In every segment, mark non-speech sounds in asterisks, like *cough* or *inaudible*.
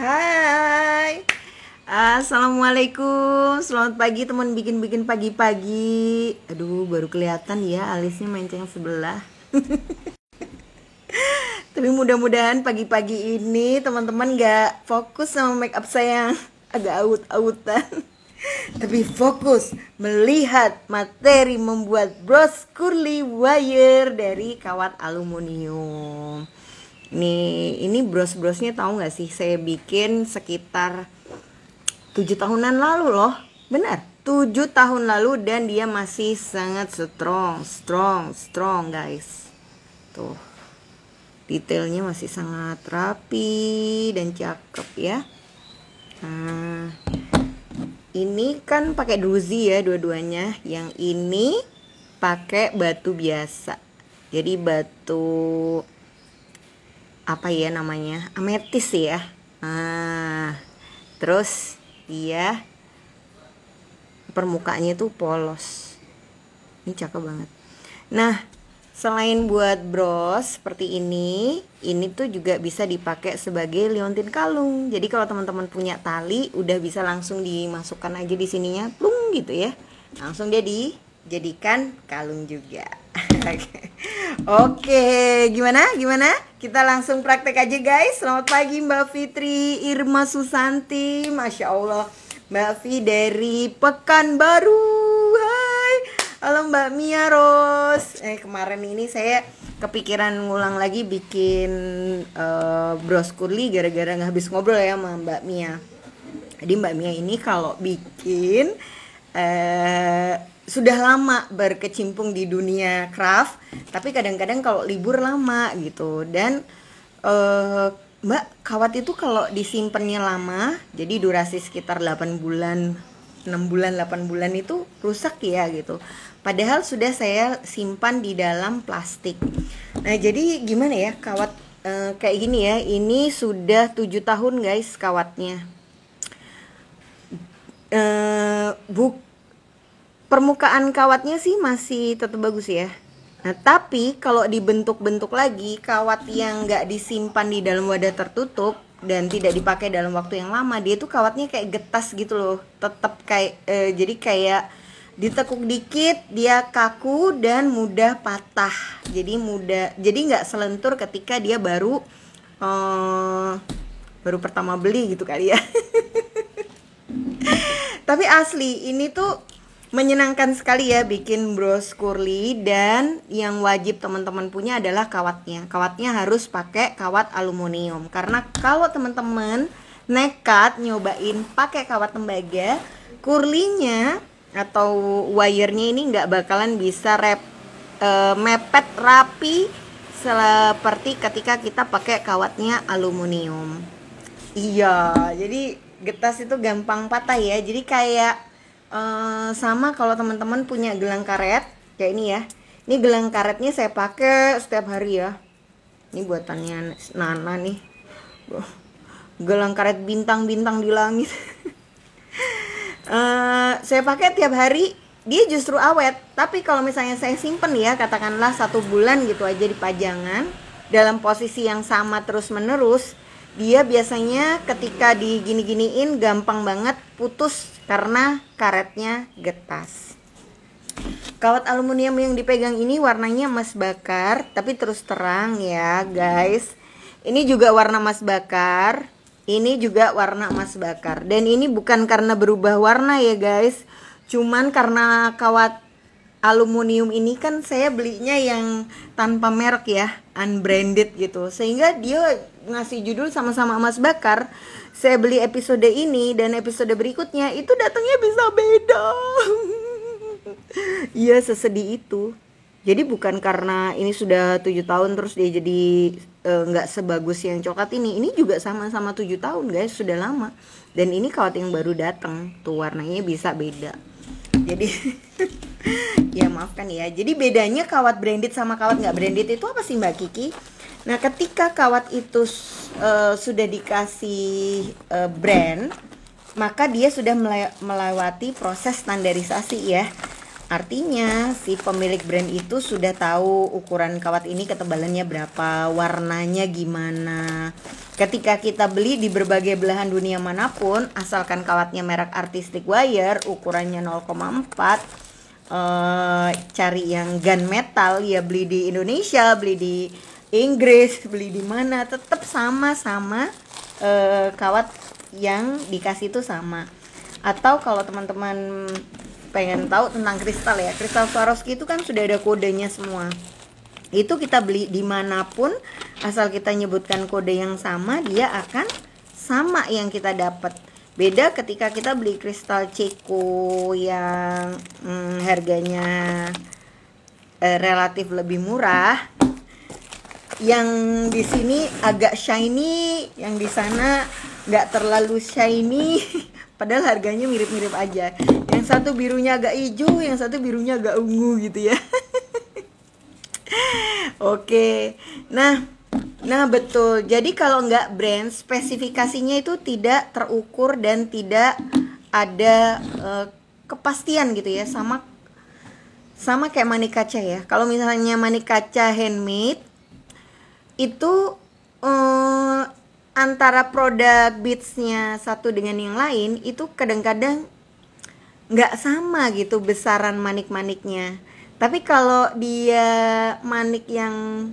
Hai Assalamualaikum Selamat pagi teman bikin-bikin pagi-pagi Aduh baru kelihatan ya alisnya menceng sebelah *laughs* Tapi mudah-mudahan pagi-pagi ini teman-teman gak fokus sama make up saya yang agak out-outan *laughs* tapi fokus melihat materi membuat bros curly wire dari kawat aluminium. Nih, ini bros-brosnya tahu nggak sih? Saya bikin sekitar tujuh tahunan lalu loh. Benar, tujuh tahun lalu dan dia masih sangat strong, strong, strong guys. Tuh, detailnya masih sangat rapi dan cakep ya. Nah, ini kan pakai druzi ya dua-duanya. Yang ini pakai batu biasa. Jadi batu apa ya namanya ametis ya nah terus dia permukaannya tuh polos ini cakep banget nah selain buat bros seperti ini ini tuh juga bisa dipakai sebagai liontin kalung jadi kalau teman-teman punya tali udah bisa langsung dimasukkan aja di sininya plung gitu ya langsung jadi jadikan kalung juga *laughs* Oke, gimana? Gimana? Kita langsung praktek aja guys. Selamat pagi Mbak Fitri Irma Susanti. Masya Allah. Mbak Vi dari Pekanbaru. Hai. Halo Mbak Mia Ros. Eh kemarin ini saya kepikiran ngulang lagi bikin uh, bros kurli gara-gara nggak habis ngobrol ya sama Mbak Mia. Jadi Mbak Mia ini kalau bikin eh sudah lama berkecimpung di dunia craft tapi kadang-kadang kalau libur lama gitu dan uh, Mbak kawat itu kalau disimpannya lama jadi durasi sekitar 8 bulan 6 bulan 8 bulan itu rusak ya gitu padahal sudah saya simpan di dalam plastik nah jadi gimana ya kawat eh, kayak gini ya ini sudah 7 tahun guys kawatnya eh, buk permukaan kawatnya sih masih tetap bagus ya. Nah, tapi kalau dibentuk-bentuk lagi, kawat yang nggak disimpan di dalam wadah tertutup dan tidak dipakai dalam waktu yang lama, dia tuh kawatnya kayak getas gitu loh. Tetap kayak eh, jadi kayak ditekuk dikit dia kaku dan mudah patah. Jadi mudah jadi nggak selentur ketika dia baru eh, baru pertama beli gitu kali ya. *laughs* tapi asli ini tuh menyenangkan sekali ya bikin bros curly dan yang wajib teman-teman punya adalah kawatnya kawatnya harus pakai kawat aluminium karena kalau teman-teman nekat nyobain pakai kawat tembaga kurlinya atau wirenya ini nggak bakalan bisa rep, e, mepet rapi seperti ketika kita pakai kawatnya aluminium iya jadi getas itu gampang patah ya jadi kayak Eh, sama kalau teman-teman punya gelang karet kayak ini ya ini gelang karetnya saya pakai setiap hari ya ini buatannya Nana nih gelang karet bintang-bintang di langit uh, *laughs* saya pakai tiap hari dia justru awet tapi kalau misalnya saya simpen ya katakanlah satu bulan gitu aja di pajangan dalam posisi yang sama terus menerus dia biasanya ketika digini-giniin gampang banget putus karena karetnya getas. Kawat aluminium yang dipegang ini warnanya emas bakar, tapi terus terang ya, guys. Ini juga warna emas bakar, ini juga warna emas bakar. Dan ini bukan karena berubah warna ya, guys. Cuman karena kawat aluminium ini kan saya belinya yang tanpa merek ya, unbranded gitu. Sehingga dia ngasih judul sama-sama Mas Bakar. Saya beli episode ini dan episode berikutnya itu datangnya bisa beda. *laughs* Iya sesedih itu. Jadi bukan karena ini sudah tujuh tahun terus dia jadi e, nggak e, sebagus yang coklat ini. Ini juga sama-sama tujuh tahun guys, sudah lama. Dan ini kawat yang baru datang. Tuh warnanya bisa beda jadi *laughs* ya maafkan ya jadi bedanya kawat branded sama kawat nggak branded itu apa sih mbak Kiki nah ketika kawat itu uh, sudah dikasih uh, brand maka dia sudah melewati proses standarisasi ya Artinya si pemilik brand itu sudah tahu ukuran kawat ini ketebalannya berapa, warnanya gimana. Ketika kita beli di berbagai belahan dunia manapun, asalkan kawatnya merek artistic wire, ukurannya 0,4 Uh, eh, cari yang gun metal ya beli di Indonesia, beli di Inggris, *laughs* beli di mana tetap sama-sama uh, kawat yang dikasih itu sama. Atau kalau teman-teman pengen tahu tentang kristal ya kristal Swarovski itu kan sudah ada kodenya semua itu kita beli dimanapun asal kita nyebutkan kode yang sama dia akan sama yang kita dapat beda ketika kita beli kristal ceko yang hmm, harganya eh, relatif lebih murah yang di sini agak shiny yang di sana nggak terlalu shiny *laughs* padahal harganya mirip-mirip aja yang satu birunya agak hijau yang satu birunya agak ungu gitu ya *laughs* oke nah nah betul jadi kalau nggak brand spesifikasinya itu tidak terukur dan tidak ada uh, kepastian gitu ya sama sama kayak manik kaca ya kalau misalnya manik kaca handmade itu uh, antara produk beatsnya satu dengan yang lain itu kadang-kadang nggak -kadang sama gitu besaran manik-maniknya tapi kalau dia manik yang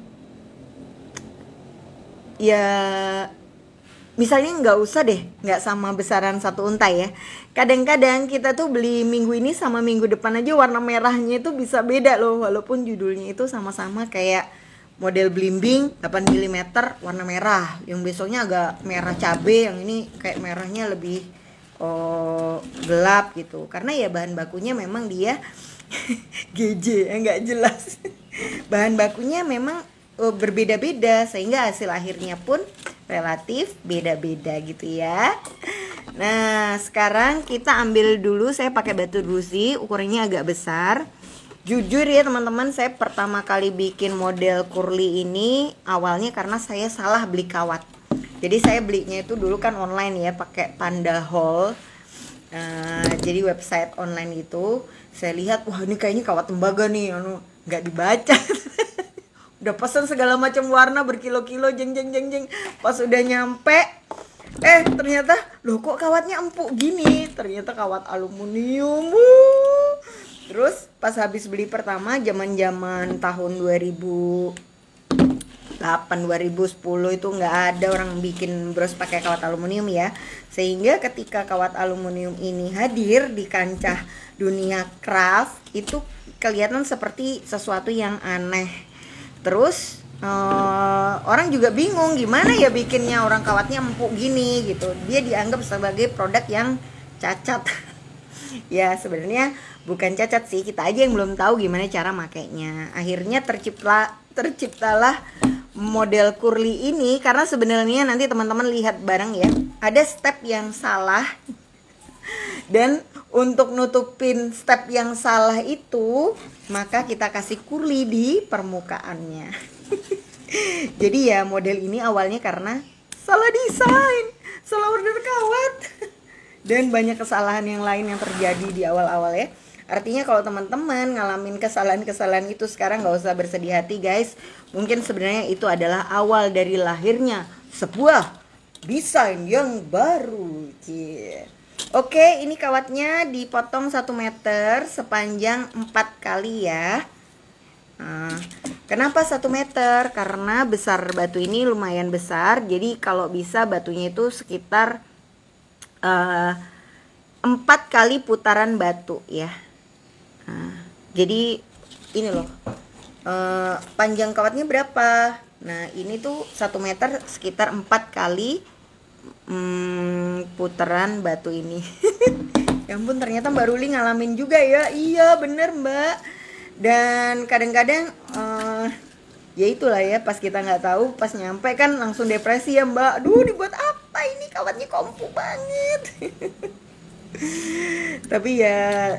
ya misalnya nggak usah deh nggak sama besaran satu unta ya kadang-kadang kita tuh beli minggu ini sama minggu depan aja warna merahnya itu bisa beda loh walaupun judulnya itu sama-sama kayak model blimbing 8 mm warna merah yang besoknya agak merah cabe yang ini kayak merahnya lebih oh, gelap gitu karena ya bahan bakunya memang dia GJ *laughs* yang eh, nggak jelas *laughs* bahan bakunya memang oh, berbeda-beda sehingga hasil akhirnya pun relatif beda-beda gitu ya Nah sekarang kita ambil dulu saya pakai batu busi ukurannya agak besar Jujur ya teman-teman, saya pertama kali bikin model curly ini awalnya karena saya salah beli kawat. Jadi saya belinya itu dulu kan online ya, pakai Panda Hall. Uh, jadi website online itu Saya lihat, wah ini kayaknya kawat tembaga nih, anu nggak dibaca. *laughs* udah pesan segala macam warna berkilo-kilo, jeng jeng jeng jeng. Pas udah nyampe, eh ternyata loh kok kawatnya empuk gini. Ternyata kawat aluminium. Wuh Terus pas habis beli pertama zaman-zaman tahun 2000 8 2010 itu nggak ada orang bikin bros pakai kawat aluminium ya sehingga ketika kawat aluminium ini hadir di kancah dunia craft itu kelihatan seperti sesuatu yang aneh terus Uh, orang juga bingung gimana ya bikinnya orang kawatnya empuk gini gitu dia dianggap sebagai produk yang cacat *laughs* ya sebenarnya bukan cacat sih kita aja yang belum tahu gimana cara makainya akhirnya tercipta terciptalah model curly ini karena sebenarnya nanti teman-teman lihat bareng ya ada step yang salah *laughs* dan untuk nutupin step yang salah itu maka kita kasih curly di permukaannya *laughs* jadi ya model ini awalnya karena salah desain salah order kawat *laughs* dan banyak kesalahan yang lain yang terjadi di awal-awal ya Artinya kalau teman-teman ngalamin kesalahan-kesalahan itu sekarang nggak usah bersedih hati guys. Mungkin sebenarnya itu adalah awal dari lahirnya sebuah desain yang baru. Yeah. Oke, ini kawatnya dipotong 1 meter sepanjang 4 kali ya. Nah, kenapa 1 meter? Karena besar batu ini lumayan besar. Jadi kalau bisa batunya itu sekitar uh, eh, 4 kali putaran batu ya jadi ini loh eh, panjang kawatnya berapa nah ini tuh satu meter sekitar 4 kali hmm, putaran batu ini *laughs* ya ampun ternyata mbak Ruli ngalamin juga ya iya bener mbak dan kadang-kadang uh, ya itulah ya pas kita nggak tahu pas nyampe kan langsung depresi ya mbak duh dibuat apa ini kawatnya kompu banget *laughs* tapi ya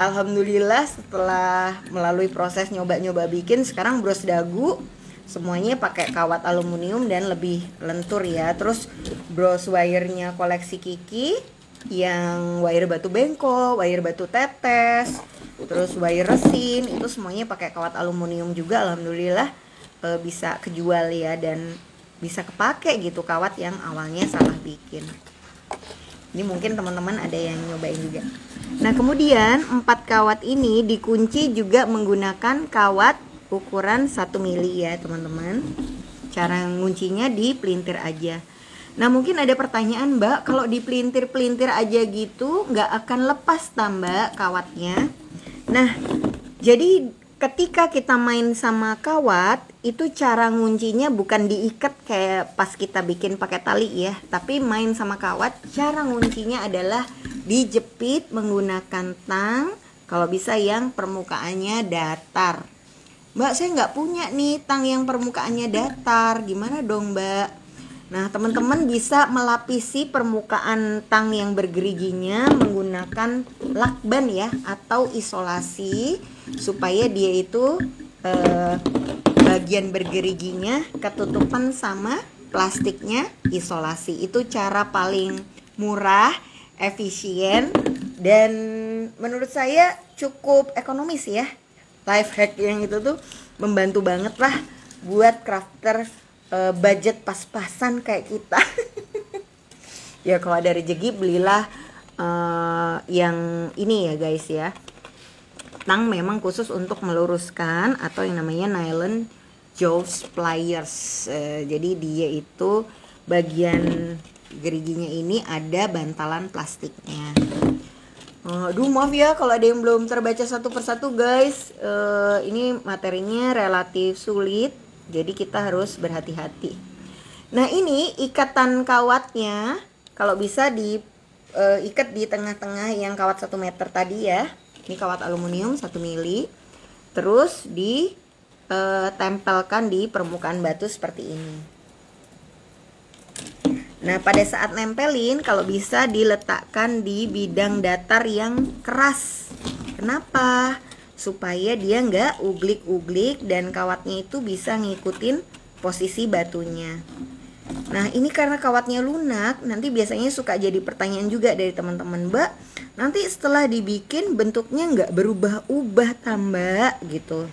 alhamdulillah setelah melalui proses nyoba-nyoba bikin sekarang bros dagu semuanya pakai kawat aluminium dan lebih lentur ya terus bros wirenya koleksi Kiki yang wire batu bengko wire batu tetes, terus wire resin itu semuanya pakai kawat aluminium juga alhamdulillah e, bisa kejual ya dan bisa kepake gitu kawat yang awalnya salah bikin. Ini mungkin teman-teman ada yang nyobain juga. Nah, kemudian empat kawat ini dikunci juga menggunakan kawat ukuran 1 mili ya, teman-teman. Cara nguncinya di pelintir aja. Nah, mungkin ada pertanyaan, Mbak, kalau di pelintir-pelintir aja gitu nggak akan lepas tambah kawatnya. Nah, jadi ketika kita main sama kawat itu cara nguncinya bukan diikat kayak pas kita bikin pakai tali ya tapi main sama kawat cara nguncinya adalah dijepit menggunakan tang kalau bisa yang permukaannya datar mbak saya nggak punya nih tang yang permukaannya datar gimana dong mbak nah teman-teman bisa melapisi permukaan tang yang bergeriginya menggunakan lakban ya atau isolasi supaya dia itu eh, bagian bergeriginya ketutupan sama plastiknya isolasi itu cara paling murah efisien dan menurut saya cukup ekonomis ya life hack yang itu tuh membantu banget lah buat crafter uh, budget pas-pasan kayak kita *laughs* ya kalau ada rezeki belilah uh, yang ini ya guys ya tang memang khusus untuk meluruskan atau yang namanya nylon jaw pliers uh, jadi dia itu bagian geriginya ini ada bantalan plastiknya eh, Aduh maaf ya kalau ada yang belum terbaca satu persatu guys uh, Ini materinya relatif sulit Jadi kita harus berhati-hati Nah ini ikatan kawatnya Kalau bisa diikat uh, di tengah-tengah yang kawat satu meter tadi ya ini kawat aluminium 1 mili terus ditempelkan eh, di permukaan batu seperti ini nah pada saat nempelin kalau bisa diletakkan di bidang datar yang keras kenapa? supaya dia nggak uglik-uglik dan kawatnya itu bisa ngikutin posisi batunya Nah, ini karena kawatnya lunak, nanti biasanya suka jadi pertanyaan juga dari teman-teman, Mbak. Nanti setelah dibikin bentuknya nggak berubah-ubah tambah gitu.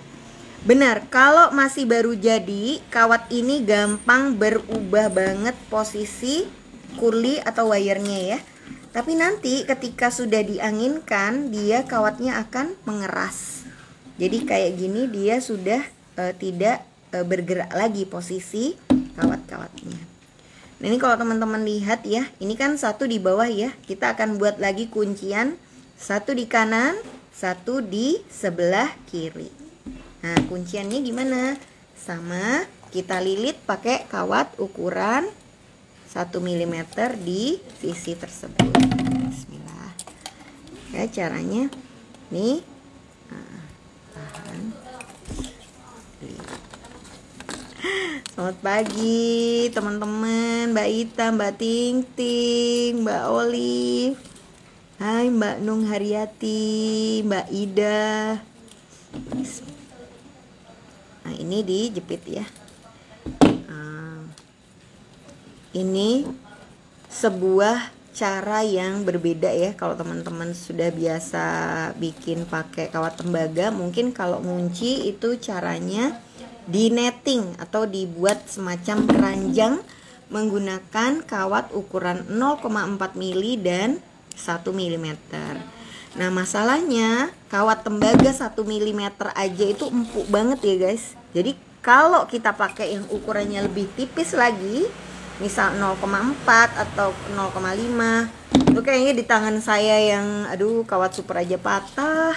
Benar, kalau masih baru jadi, kawat ini gampang berubah banget posisi kuli atau wire ya. Tapi nanti ketika sudah dianginkan, dia kawatnya akan mengeras. Jadi kayak gini dia sudah uh, tidak uh, bergerak lagi posisi kawat-kawatnya ini kalau teman-teman lihat ya ini kan satu di bawah ya kita akan buat lagi kuncian satu di kanan satu di sebelah kiri nah kunciannya gimana sama kita lilit pakai kawat ukuran 1 mm di sisi tersebut Bismillah ya caranya nih ah, tahan lilit Selamat pagi teman-teman Mbak Ita, Mbak Ting Ting, Mbak Olive Hai Mbak Nung Haryati, Mbak Ida Nah ini dijepit ya ah, Ini sebuah cara yang berbeda ya kalau teman-teman sudah biasa bikin pakai kawat tembaga mungkin kalau ngunci itu caranya di netting atau dibuat semacam keranjang menggunakan kawat ukuran 0,4 mili dan 1 mm. Nah, masalahnya kawat tembaga 1 mm aja itu empuk banget ya, guys. Jadi kalau kita pakai yang ukurannya lebih tipis lagi, misal 0,4 atau 0,5, itu kayaknya di tangan saya yang aduh kawat super aja patah.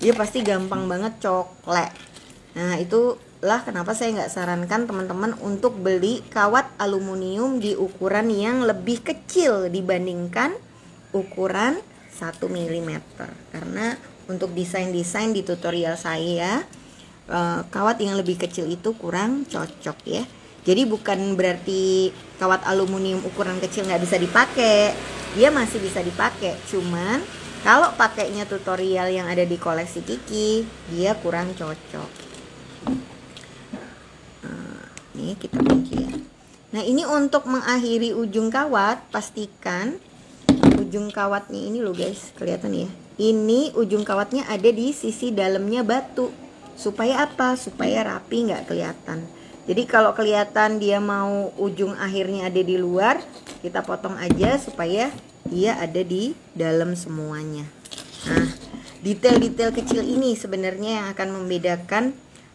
Dia pasti gampang banget coklek. Nah, itu lah kenapa saya nggak sarankan teman-teman untuk beli kawat aluminium di ukuran yang lebih kecil dibandingkan ukuran 1 mm karena untuk desain-desain di tutorial saya eh, kawat yang lebih kecil itu kurang cocok ya jadi bukan berarti kawat aluminium ukuran kecil nggak bisa dipakai dia masih bisa dipakai cuman kalau pakainya tutorial yang ada di koleksi Kiki dia kurang cocok Nih, kita kunci ya. Nah, ini untuk mengakhiri ujung kawat, pastikan ujung kawatnya ini loh guys, kelihatan ya. Ini ujung kawatnya ada di sisi dalamnya batu. Supaya apa? Supaya rapi nggak kelihatan. Jadi kalau kelihatan dia mau ujung akhirnya ada di luar, kita potong aja supaya dia ada di dalam semuanya. Nah, detail-detail kecil ini sebenarnya yang akan membedakan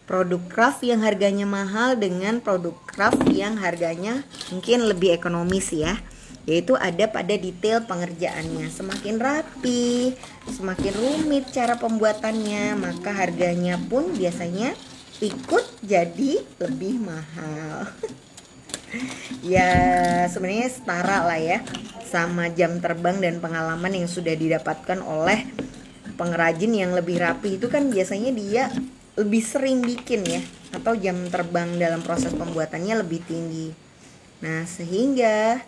produk craft yang harganya mahal dengan produk craft yang harganya mungkin lebih ekonomis ya yaitu ada pada detail pengerjaannya semakin rapi semakin rumit cara pembuatannya maka harganya pun biasanya ikut jadi lebih mahal *laughs* ya sebenarnya setara lah ya sama jam terbang dan pengalaman yang sudah didapatkan oleh pengrajin yang lebih rapi itu kan biasanya dia lebih sering bikin ya atau jam terbang dalam proses pembuatannya lebih tinggi. Nah, sehingga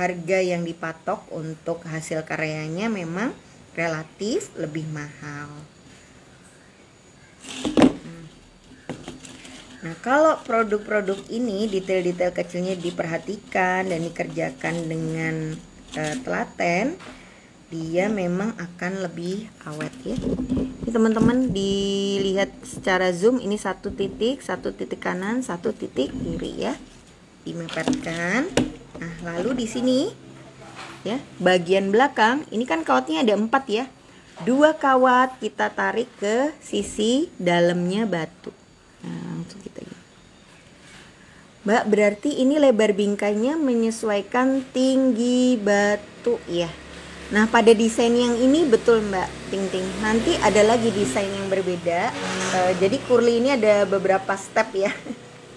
harga yang dipatok untuk hasil karyanya memang relatif lebih mahal. Nah, kalau produk-produk ini detail-detail kecilnya diperhatikan dan dikerjakan dengan uh, telaten, dia memang akan lebih awet ya ini teman-teman dilihat secara zoom ini satu titik satu titik kanan satu titik kiri ya dimepetkan nah lalu di sini ya bagian belakang ini kan kawatnya ada empat ya dua kawat kita tarik ke sisi dalamnya batu nah, langsung kita gini. Mbak berarti ini lebar bingkainya menyesuaikan tinggi batu ya Nah, pada desain yang ini betul Mbak Ting Ting. Nanti ada lagi desain yang berbeda. E, jadi curly ini ada beberapa step ya.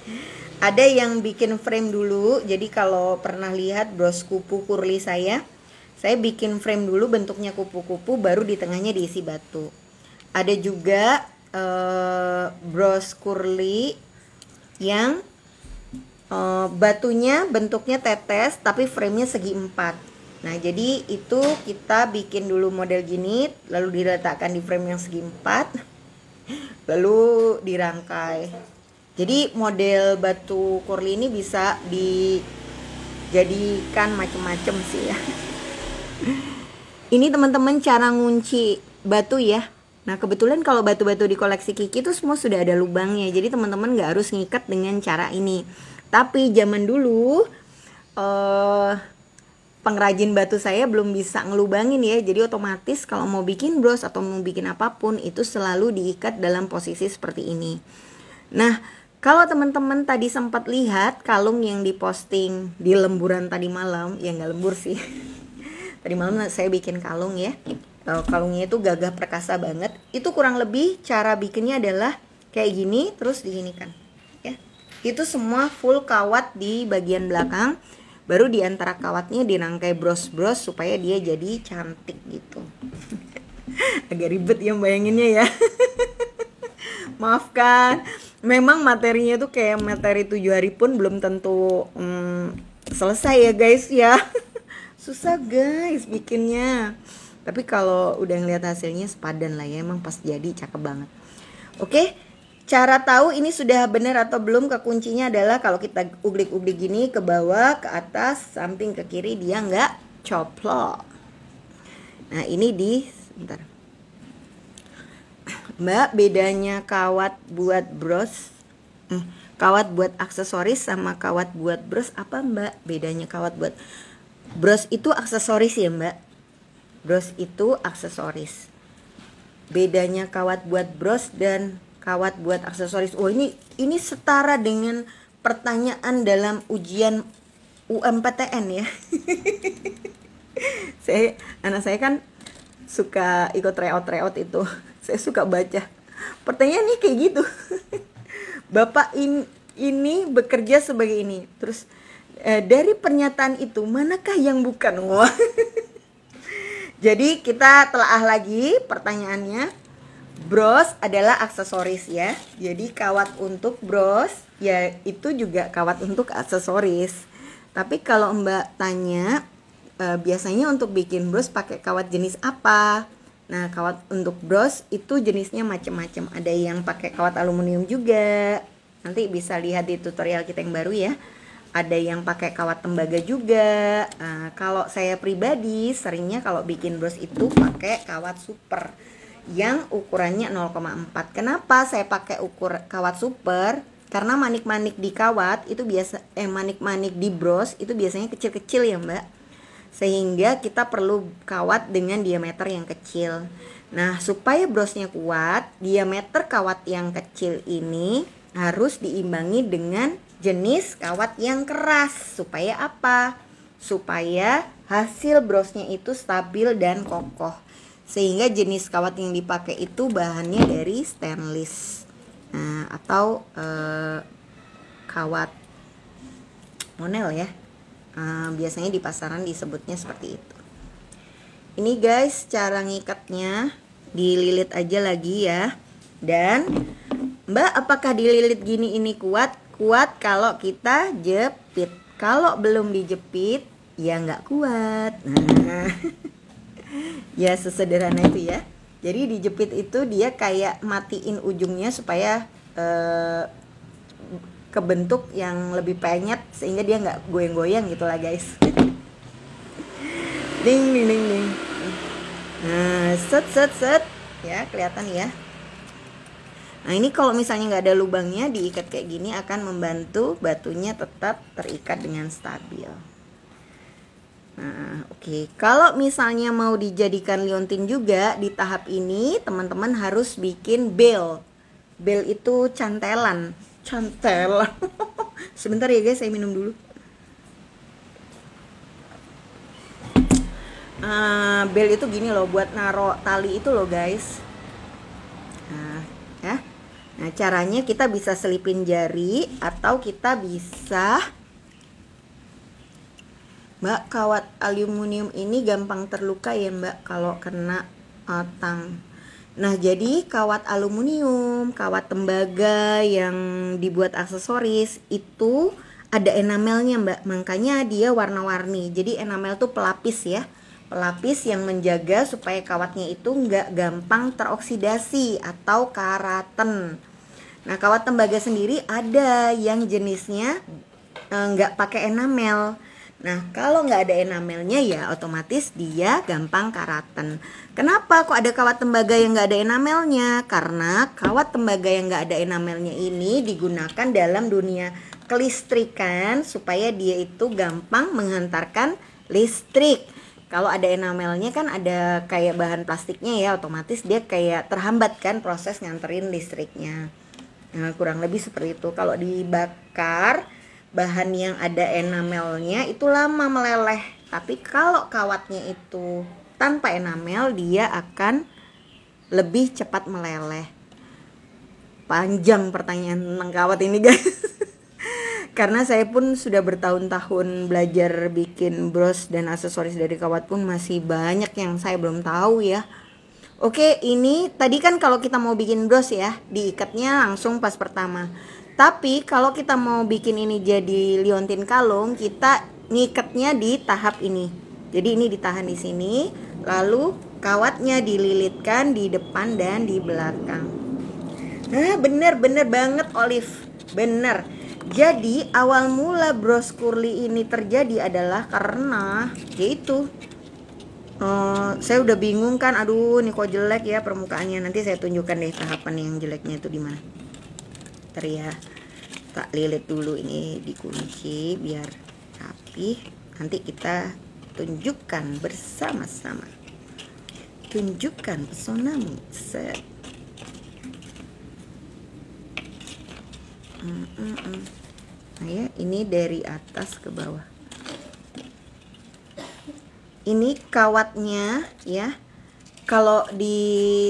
*laughs* ada yang bikin frame dulu. Jadi kalau pernah lihat bros kupu curly saya, saya bikin frame dulu bentuknya kupu-kupu baru di tengahnya diisi batu. Ada juga e, bros curly yang e, batunya bentuknya tetes tapi framenya segi empat Nah, jadi itu kita bikin dulu model gini, lalu diletakkan di frame yang segi empat, *laughs* lalu dirangkai. Jadi model batu kurli ini bisa dijadikan macem-macem sih ya. *laughs* Ini teman-teman cara ngunci batu ya. Nah kebetulan kalau batu-batu di koleksi Kiki itu semua sudah ada lubangnya. Jadi teman-teman gak harus ngikat dengan cara ini. Tapi zaman dulu uh, pengrajin batu saya belum bisa ngelubangin ya jadi otomatis kalau mau bikin bros atau mau bikin apapun itu selalu diikat dalam posisi seperti ini nah kalau teman-teman tadi sempat lihat kalung yang diposting di lemburan tadi malam ya nggak lembur sih *laughs* tadi malam saya bikin kalung ya eh, kalungnya itu gagah perkasa banget itu kurang lebih cara bikinnya adalah kayak gini terus diginikan ya itu semua full kawat di bagian belakang baru di antara kawatnya dirangkai bros-bros supaya dia jadi cantik gitu *laughs* agak ribet ya bayanginnya ya *laughs* maafkan memang materinya tuh kayak materi tujuh hari pun belum tentu hmm, selesai ya guys ya *laughs* susah guys bikinnya tapi kalau udah ngeliat hasilnya sepadan lah ya emang pas jadi cakep banget oke okay? Cara tahu ini sudah benar atau belum kekuncinya adalah kalau kita uglik-uglik gini ke bawah, ke atas, samping ke kiri dia nggak coplok. Nah ini di, sebentar. Mbak bedanya kawat buat bros, hmm, kawat buat aksesoris sama kawat buat bros apa Mbak? Bedanya kawat buat bros itu aksesoris ya Mbak? Bros itu aksesoris. Bedanya kawat buat bros dan kawat buat aksesoris. Oh ini ini setara dengan pertanyaan dalam ujian UMPTN ya. *laughs* saya anak saya kan suka ikut tryout tryout itu. *laughs* Saya suka baca pertanyaan nih kayak gitu. *laughs* Bapak in, ini bekerja sebagai ini. Terus eh, dari pernyataan itu manakah yang bukan? Wah. Jadi kita telah ah lagi pertanyaannya Bros adalah aksesoris ya. Jadi kawat untuk bros ya itu juga kawat untuk aksesoris. Tapi kalau Mbak tanya e, biasanya untuk bikin bros pakai kawat jenis apa? Nah, kawat untuk bros itu jenisnya macam-macam. Ada yang pakai kawat aluminium juga. Nanti bisa lihat di tutorial kita yang baru ya. Ada yang pakai kawat tembaga juga. Nah, kalau saya pribadi seringnya kalau bikin bros itu pakai kawat super yang ukurannya 0,4. Kenapa saya pakai ukur kawat super? Karena manik-manik di kawat itu biasa eh manik-manik di bros itu biasanya kecil-kecil ya, Mbak. Sehingga kita perlu kawat dengan diameter yang kecil. Nah, supaya brosnya kuat, diameter kawat yang kecil ini harus diimbangi dengan jenis kawat yang keras. Supaya apa? Supaya hasil brosnya itu stabil dan kokoh sehingga jenis kawat yang dipakai itu bahannya dari stainless nah, atau eh, kawat monel ya eh, biasanya di pasaran disebutnya seperti itu ini guys cara ngikatnya dililit aja lagi ya dan mbak apakah dililit gini ini kuat kuat kalau kita jepit kalau belum dijepit ya nggak kuat nah *laughs* ya sesederhana itu ya jadi dijepit itu dia kayak matiin ujungnya supaya eh, kebentuk yang lebih penyet sehingga dia nggak goyang-goyang gitu lah guys *laughs* ding ding ding ding nah set set set ya kelihatan ya nah ini kalau misalnya nggak ada lubangnya diikat kayak gini akan membantu batunya tetap terikat dengan stabil Nah, oke. Okay. Kalau misalnya mau dijadikan liontin juga di tahap ini, teman-teman harus bikin bel. Bel itu cantelan, cantelan. *laughs* Sebentar ya guys, saya minum dulu. Uh, bel itu gini loh buat naro tali itu loh guys. Nah, ya. Nah, caranya kita bisa selipin jari atau kita bisa Mbak, kawat aluminium ini gampang terluka ya Mbak kalau kena uh, tang. Nah, jadi kawat aluminium, kawat tembaga yang dibuat aksesoris itu ada enamelnya Mbak. Makanya dia warna-warni. Jadi enamel tuh pelapis ya. Pelapis yang menjaga supaya kawatnya itu nggak gampang teroksidasi atau karaten. Nah, kawat tembaga sendiri ada yang jenisnya eh, nggak pakai enamel Nah, kalau nggak ada enamelnya ya otomatis dia gampang karatan. Kenapa kok ada kawat tembaga yang nggak ada enamelnya? Karena kawat tembaga yang nggak ada enamelnya ini digunakan dalam dunia kelistrikan supaya dia itu gampang menghantarkan listrik. Kalau ada enamelnya kan ada kayak bahan plastiknya ya, otomatis dia kayak terhambatkan proses nganterin listriknya. Nah, kurang lebih seperti itu. Kalau dibakar, bahan yang ada enamelnya itu lama meleleh. Tapi kalau kawatnya itu tanpa enamel dia akan lebih cepat meleleh. Panjang pertanyaan tentang kawat ini guys. *laughs* Karena saya pun sudah bertahun-tahun belajar bikin bros dan aksesoris dari kawat pun masih banyak yang saya belum tahu ya. Oke, ini tadi kan kalau kita mau bikin bros ya, diikatnya langsung pas pertama. Tapi kalau kita mau bikin ini jadi liontin kalung, kita ngikatnya di tahap ini. Jadi ini ditahan di sini, lalu kawatnya dililitkan di depan dan di belakang. Nah, bener-bener banget Olive. Bener. Jadi awal mula bros curly ini terjadi adalah karena yaitu uh, saya udah bingung kan aduh ini kok jelek ya permukaannya nanti saya tunjukkan deh tahapan yang jeleknya itu di mana ya tak lilit dulu ini dikunci biar rapi nanti kita tunjukkan bersama-sama tunjukkan pesonamu set mm, mm, mm. nah ya ini dari atas ke bawah ini kawatnya ya kalau di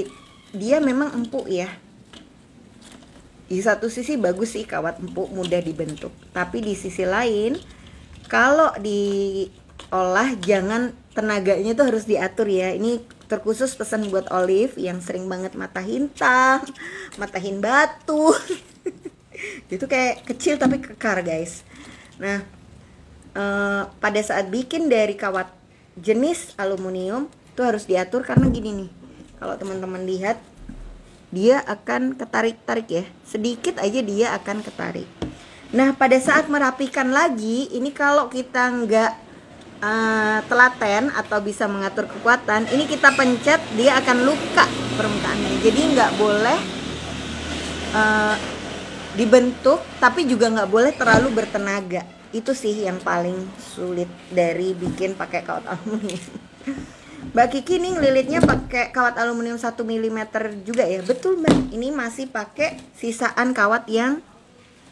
dia memang empuk ya di satu sisi bagus sih kawat empuk mudah dibentuk tapi di sisi lain kalau diolah jangan tenaganya tuh harus diatur ya ini terkhusus pesan buat Olive yang sering banget mata tang matahin batu *laughs* itu kayak kecil tapi kekar guys nah Uh, pada saat bikin dari kawat jenis aluminium itu harus diatur karena gini nih kalau teman-teman lihat dia akan ketarik-tarik ya. Sedikit aja dia akan ketarik. Nah, pada saat merapikan lagi, ini kalau kita nggak uh, telaten atau bisa mengatur kekuatan, ini kita pencet, dia akan luka permukaannya. Jadi nggak boleh uh, dibentuk, tapi juga nggak boleh terlalu bertenaga. Itu sih yang paling sulit dari bikin pakai kaos aluminium. *laughs* Mbak Kiki nih lilitnya pakai kawat aluminium 1 mm juga ya. Betul Mbak, ini masih pakai sisaan kawat yang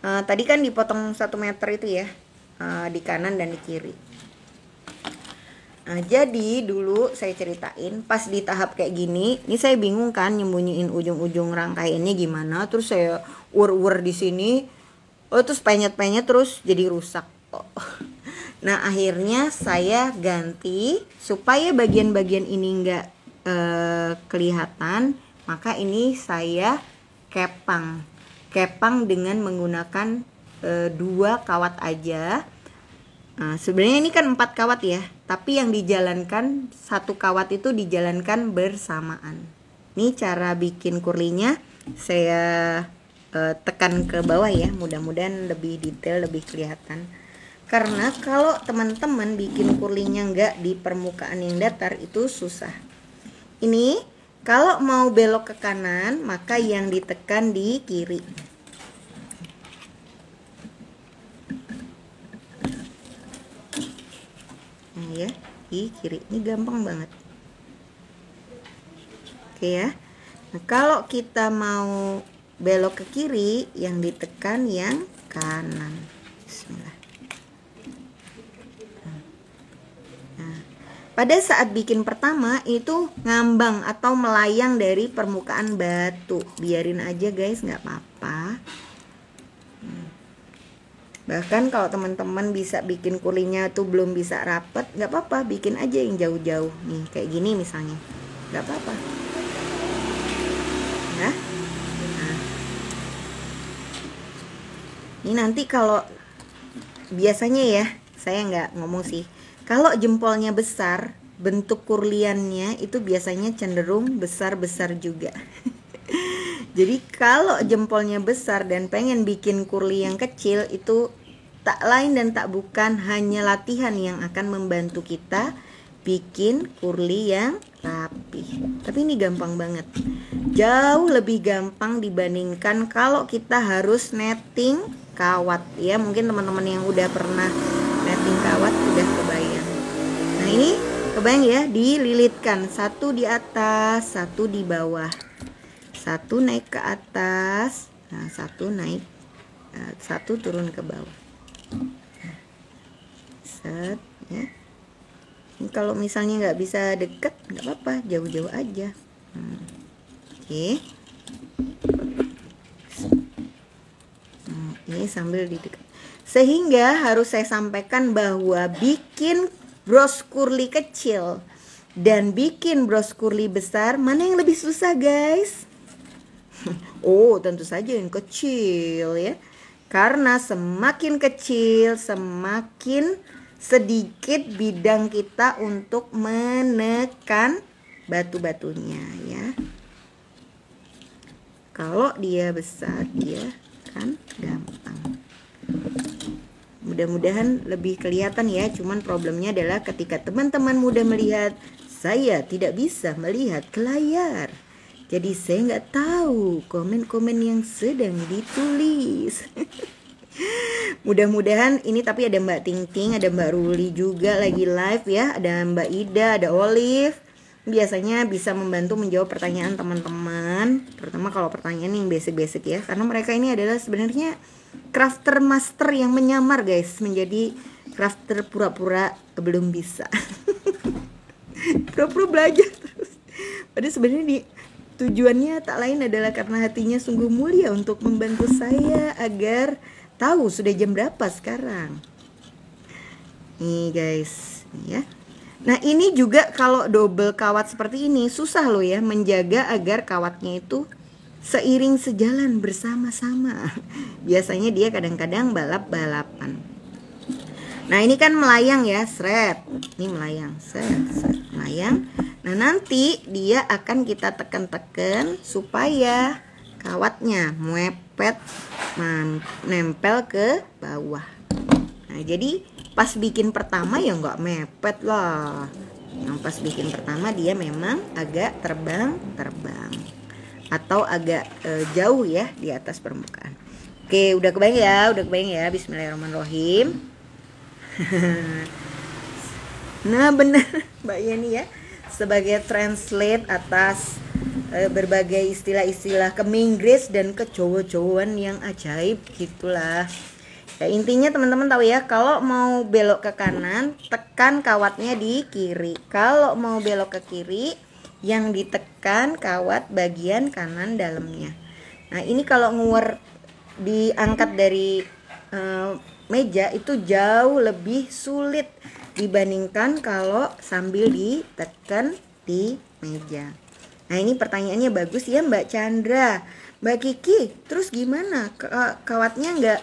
uh, tadi kan dipotong 1 meter itu ya. Uh, di kanan dan di kiri. Nah, jadi dulu saya ceritain pas di tahap kayak gini, ini saya bingung kan nyembunyiin ujung-ujung rangkaiannya gimana, terus saya ur-ur di sini, oh terus penyet-penyet terus jadi rusak. Oh. Nah akhirnya saya ganti supaya bagian-bagian ini nggak e, kelihatan maka ini saya kepang kepang dengan menggunakan e, dua kawat aja nah, sebenarnya ini kan empat kawat ya tapi yang dijalankan satu kawat itu dijalankan bersamaan ini cara bikin kurlinya saya e, tekan ke bawah ya mudah-mudahan lebih detail lebih kelihatan karena kalau teman-teman bikin curlingnya nggak di permukaan yang datar itu susah ini kalau mau belok ke kanan maka yang ditekan di kiri nah ya di kiri ini gampang banget oke ya nah, kalau kita mau belok ke kiri yang ditekan yang kanan Pada saat bikin pertama itu ngambang atau melayang dari permukaan batu. Biarin aja guys, nggak apa-apa. Bahkan kalau teman-teman bisa bikin kulinya tuh belum bisa rapet, nggak apa-apa, bikin aja yang jauh-jauh. Nih, kayak gini misalnya. nggak apa-apa. Ya. Ini nanti kalau biasanya ya, saya nggak ngomong sih kalau jempolnya besar, bentuk kurliannya itu biasanya cenderung besar-besar juga. *laughs* Jadi kalau jempolnya besar dan pengen bikin kurli yang kecil itu tak lain dan tak bukan hanya latihan yang akan membantu kita bikin kurli yang rapi. Tapi ini gampang banget. Jauh lebih gampang dibandingkan kalau kita harus netting kawat ya. Mungkin teman-teman yang udah pernah netting kawat ini kebayang ya dililitkan satu di atas satu di bawah satu naik ke atas nah satu naik eh, satu turun ke bawah set ya ini kalau misalnya nggak bisa deket nggak apa-apa jauh-jauh aja hmm. oke okay. Nah, hmm, ini sambil didekat sehingga harus saya sampaikan bahwa bikin bros curly kecil dan bikin bros curly besar, mana yang lebih susah guys? *laughs* Oh tentu saja yang kecil ya Karena semakin kecil semakin sedikit bidang kita untuk menekan batu-batunya ya Kalau dia besar dia kan gampang mudah-mudahan lebih kelihatan ya cuman problemnya adalah ketika teman-teman mudah melihat saya tidak bisa melihat ke layar jadi saya nggak tahu komen-komen yang sedang ditulis *laughs* Mudah-mudahan ini tapi ada Mbak Ting Ting, ada Mbak Ruli juga lagi live ya, ada Mbak Ida, ada Olive. Biasanya bisa membantu menjawab pertanyaan teman-teman, terutama kalau pertanyaan yang basic-basic ya, karena mereka ini adalah sebenarnya crafter master yang menyamar guys menjadi crafter pura-pura belum bisa *laughs* pura-pura belajar terus padahal sebenarnya di tujuannya tak lain adalah karena hatinya sungguh mulia untuk membantu saya agar tahu sudah jam berapa sekarang nih guys nih ya Nah ini juga kalau double kawat seperti ini susah loh ya menjaga agar kawatnya itu seiring sejalan bersama-sama. Biasanya dia kadang-kadang balap-balapan. Nah, ini kan melayang ya, seret. Ini melayang, seret, seret, melayang. Nah, nanti dia akan kita tekan-tekan supaya kawatnya mepet nempel ke bawah. Nah, jadi pas bikin pertama ya nggak mepet loh. Yang pas bikin pertama dia memang agak terbang-terbang atau agak e, jauh ya di atas permukaan. Oke, udah kebayang ya, udah kebayang ya. Bismillahirrahmanirrahim. *laughs* nah, benar *laughs* Mbak Yani ya. Sebagai translate atas e, berbagai istilah-istilah ke Inggris dan ke cowok jawaan yang ajaib gitulah. Ya, intinya teman-teman tahu ya, kalau mau belok ke kanan, tekan kawatnya di kiri. Kalau mau belok ke kiri, yang ditekan kawat bagian kanan dalamnya. Nah, ini kalau nguwer diangkat dari e, meja itu jauh lebih sulit dibandingkan kalau sambil ditekan di meja. Nah, ini pertanyaannya bagus ya Mbak Chandra. Mbak Kiki, terus gimana? Kawatnya nggak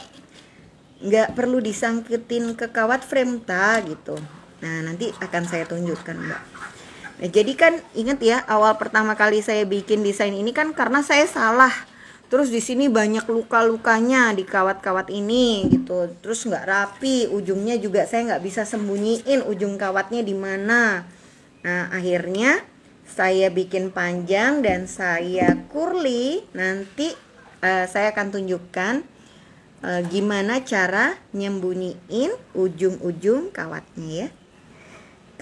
nggak perlu disangkutin ke kawat frame ta gitu. Nah, nanti akan saya tunjukkan Mbak. Nah, jadi kan inget ya awal pertama kali saya bikin desain ini kan karena saya salah. Terus di sini banyak luka-lukanya di kawat-kawat ini gitu. Terus nggak rapi, ujungnya juga saya nggak bisa sembunyiin ujung kawatnya di mana. Nah akhirnya saya bikin panjang dan saya kurli Nanti uh, saya akan tunjukkan uh, gimana cara nyembunyiin ujung-ujung kawatnya ya.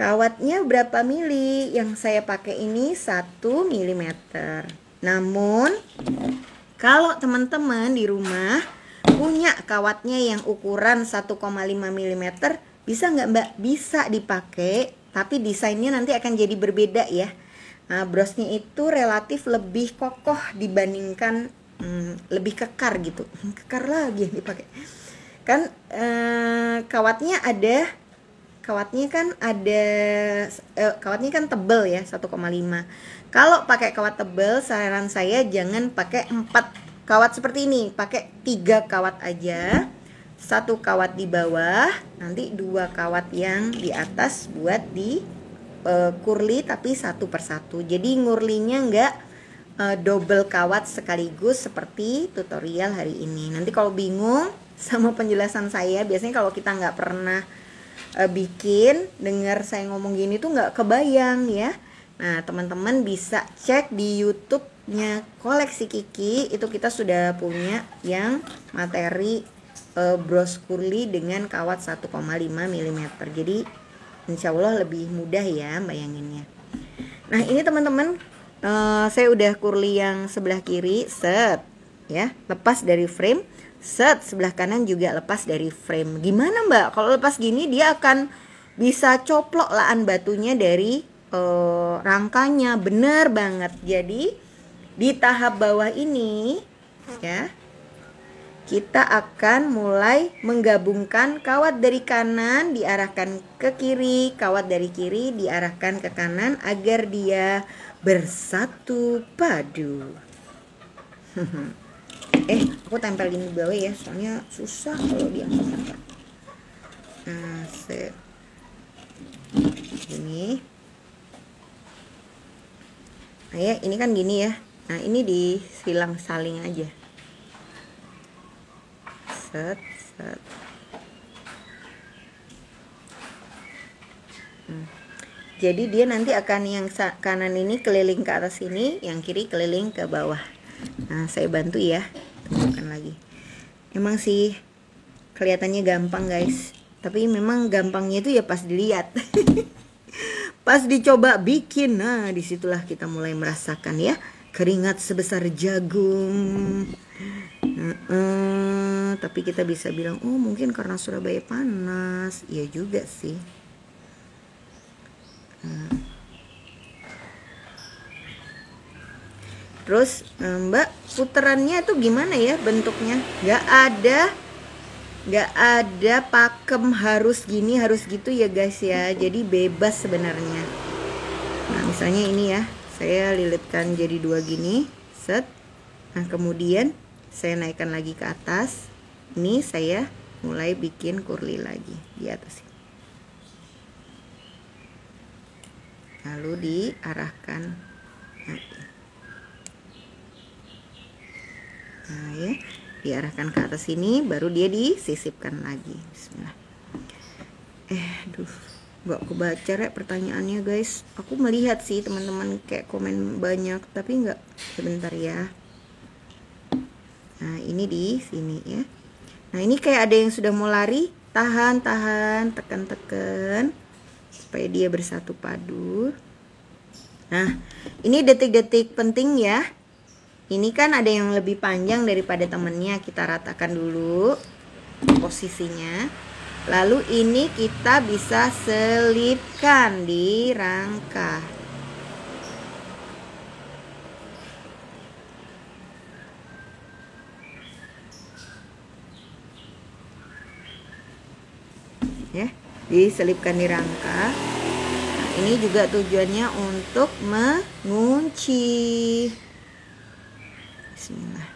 Kawatnya berapa mili? Yang saya pakai ini 1 mm. Namun, kalau teman-teman di rumah punya kawatnya yang ukuran 1,5 mm, bisa nggak mbak? Bisa dipakai, tapi desainnya nanti akan jadi berbeda ya. Nah, brosnya itu relatif lebih kokoh dibandingkan hmm, lebih kekar gitu. Hmm, kekar lagi yang dipakai. Kan eh, kawatnya ada kawatnya kan ada eh, kawatnya kan tebel ya 1,5 kalau pakai kawat tebel saran saya jangan pakai 4 kawat seperti ini pakai 3 kawat aja satu kawat di bawah nanti dua kawat yang di atas buat di uh, kurli tapi satu persatu jadi ngurlinya nggak uh, double kawat sekaligus seperti tutorial hari ini nanti kalau bingung sama penjelasan saya biasanya kalau kita nggak pernah uh, bikin dengar saya ngomong gini tuh nggak kebayang ya nah teman-teman bisa cek di YouTube-nya koleksi Kiki itu kita sudah punya yang materi uh, eh, bros curly dengan kawat 1,5 mm jadi insya Allah lebih mudah ya bayanginnya nah ini teman-teman uh, saya udah curly yang sebelah kiri set ya lepas dari frame Set sebelah kanan juga lepas dari frame. Gimana Mbak? Kalau lepas gini dia akan bisa coplok laan batunya dari uh, rangkanya. benar banget. Jadi di tahap bawah ini ya kita akan mulai menggabungkan kawat dari kanan diarahkan ke kiri, kawat dari kiri diarahkan ke kanan agar dia bersatu padu. *laughs* eh aku tempel di bawah ya soalnya susah kalau dia angkat nah se ini nah ya ini kan gini ya nah ini di silang saling aja set set hmm. jadi dia nanti akan yang kanan ini keliling ke atas ini yang kiri keliling ke bawah Nah, saya bantu ya bukan lagi emang sih kelihatannya gampang guys tapi memang gampangnya itu ya pas dilihat *laughs* pas dicoba bikin nah disitulah kita mulai merasakan ya keringat sebesar jagung nah, eh, tapi kita bisa bilang oh mungkin karena Surabaya panas iya juga sih nah. Terus eh, Mbak puterannya itu gimana ya bentuknya? Gak ada Gak ada pakem harus gini harus gitu ya guys ya Jadi bebas sebenarnya Nah misalnya ini ya Saya lilitkan jadi dua gini Set Nah kemudian saya naikkan lagi ke atas Ini saya mulai bikin kurli lagi di atas Lalu diarahkan nah, nah ya diarahkan ke atas sini baru dia disisipkan lagi Bismillah eh duh gak kebaca rek pertanyaannya guys aku melihat sih teman-teman kayak komen banyak tapi nggak sebentar ya nah ini di sini ya nah ini kayak ada yang sudah mau lari tahan tahan tekan tekan supaya dia bersatu padu nah ini detik-detik penting ya ini kan ada yang lebih panjang daripada temennya kita ratakan dulu posisinya lalu ini kita bisa selipkan di rangka ya diselipkan di rangka nah, ini juga tujuannya untuk mengunci Bismillah.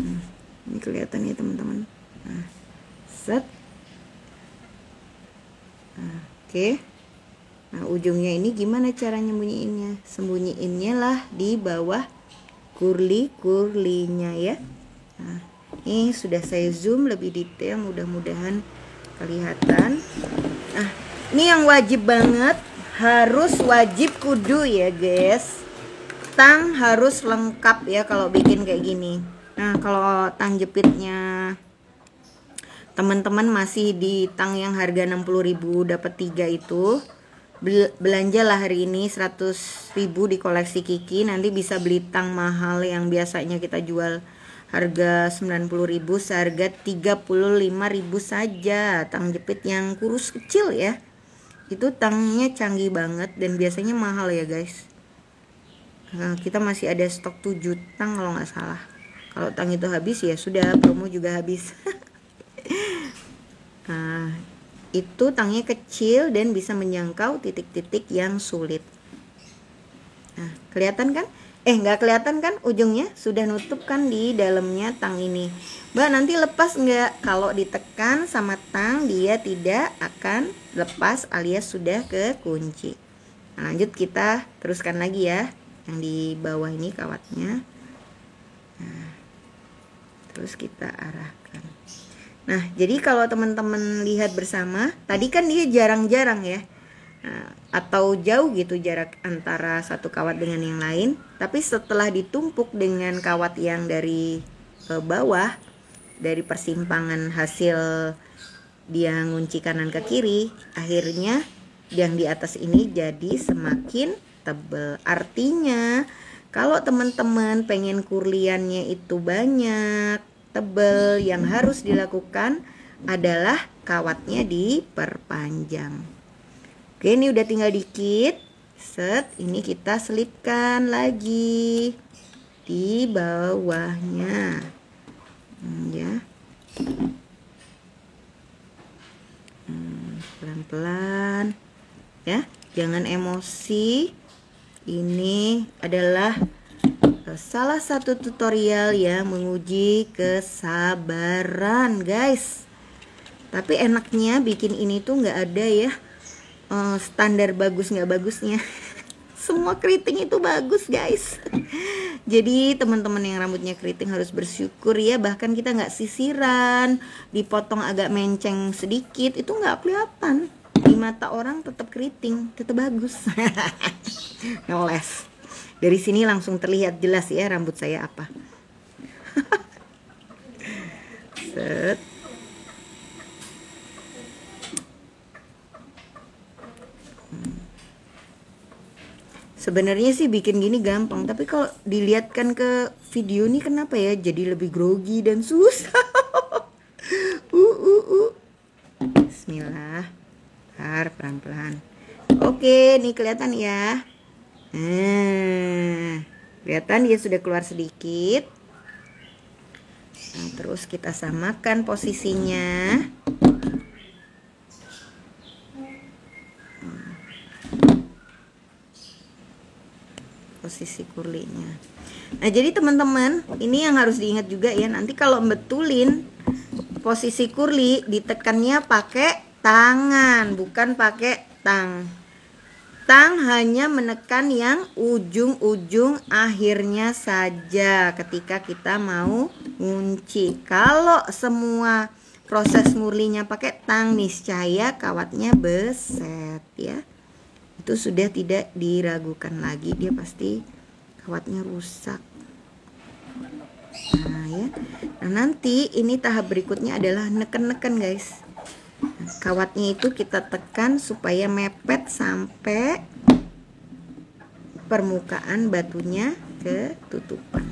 Nah, ini kelihatan ya teman-teman. Nah, set. Nah, oke. Okay. Nah, ujungnya ini gimana cara nyembunyiinnya? Sembunyiinnya lah di bawah kurli-kurlinya ya. Nah, ini sudah saya zoom lebih detail, mudah-mudahan kelihatan. Nah, ini yang wajib banget harus wajib kudu ya guys tang harus lengkap ya kalau bikin kayak gini nah kalau tang jepitnya teman-teman masih di tang yang harga 60.000 dapat 3 itu belanjalah hari ini 100.000 di koleksi Kiki nanti bisa beli tang mahal yang biasanya kita jual harga 90.000 seharga 35.000 saja tang jepit yang kurus kecil ya itu tangnya canggih banget dan biasanya mahal ya guys nah, kita masih ada stok 7 tang kalau nggak salah kalau tang itu habis ya sudah promo juga habis *laughs* nah itu tangnya kecil dan bisa menjangkau titik-titik yang sulit nah kelihatan kan eh nggak kelihatan kan ujungnya sudah nutup kan di dalamnya tang ini mbak nanti lepas nggak kalau ditekan sama tang dia tidak akan lepas alias sudah ke kunci nah, lanjut kita teruskan lagi ya yang di bawah ini kawatnya nah, terus kita arahkan nah jadi kalau teman-teman lihat bersama tadi kan dia jarang-jarang ya Nah, atau jauh gitu jarak antara satu kawat dengan yang lain. Tapi setelah ditumpuk dengan kawat yang dari ke bawah dari persimpangan hasil dia ngunci kanan ke kiri, akhirnya yang di atas ini jadi semakin tebel. Artinya, kalau teman-teman pengen kurliannya itu banyak, tebel, yang harus dilakukan adalah kawatnya diperpanjang. Oke, ini udah tinggal dikit. Set, ini kita selipkan lagi di bawahnya. Hmm, ya. Hmm, pelan-pelan. Hmm, ya, jangan emosi. Ini adalah eh, salah satu tutorial ya menguji kesabaran, guys. Tapi enaknya bikin ini tuh nggak ada ya uh, standar bagus nggak bagusnya *laughs* semua keriting itu bagus guys jadi teman-teman yang rambutnya keriting harus bersyukur ya bahkan kita nggak sisiran dipotong agak menceng sedikit itu nggak kelihatan di mata orang tetap keriting tetap bagus *laughs* ngeles dari sini langsung terlihat jelas ya rambut saya apa *laughs* set Sebenarnya sih bikin gini gampang, tapi kalau dilihatkan ke video nih kenapa ya jadi lebih grogi dan susah. uh, *laughs* uh, uh. Bismillah. Har pelan-pelan. Oke, ini kelihatan ya. Nah, kelihatan dia sudah keluar sedikit. Nah, terus kita samakan posisinya. posisi kurlinya nah jadi teman-teman ini yang harus diingat juga ya nanti kalau betulin posisi kurli ditekannya pakai tangan bukan pakai tang tang hanya menekan yang ujung-ujung akhirnya saja ketika kita mau ngunci. Kalau semua proses murlinya pakai tang niscaya kawatnya beset ya itu sudah tidak diragukan lagi dia pasti kawatnya rusak nah ya nah nanti ini tahap berikutnya adalah neken-neken guys nah, kawatnya itu kita tekan supaya mepet sampai permukaan batunya ketutupan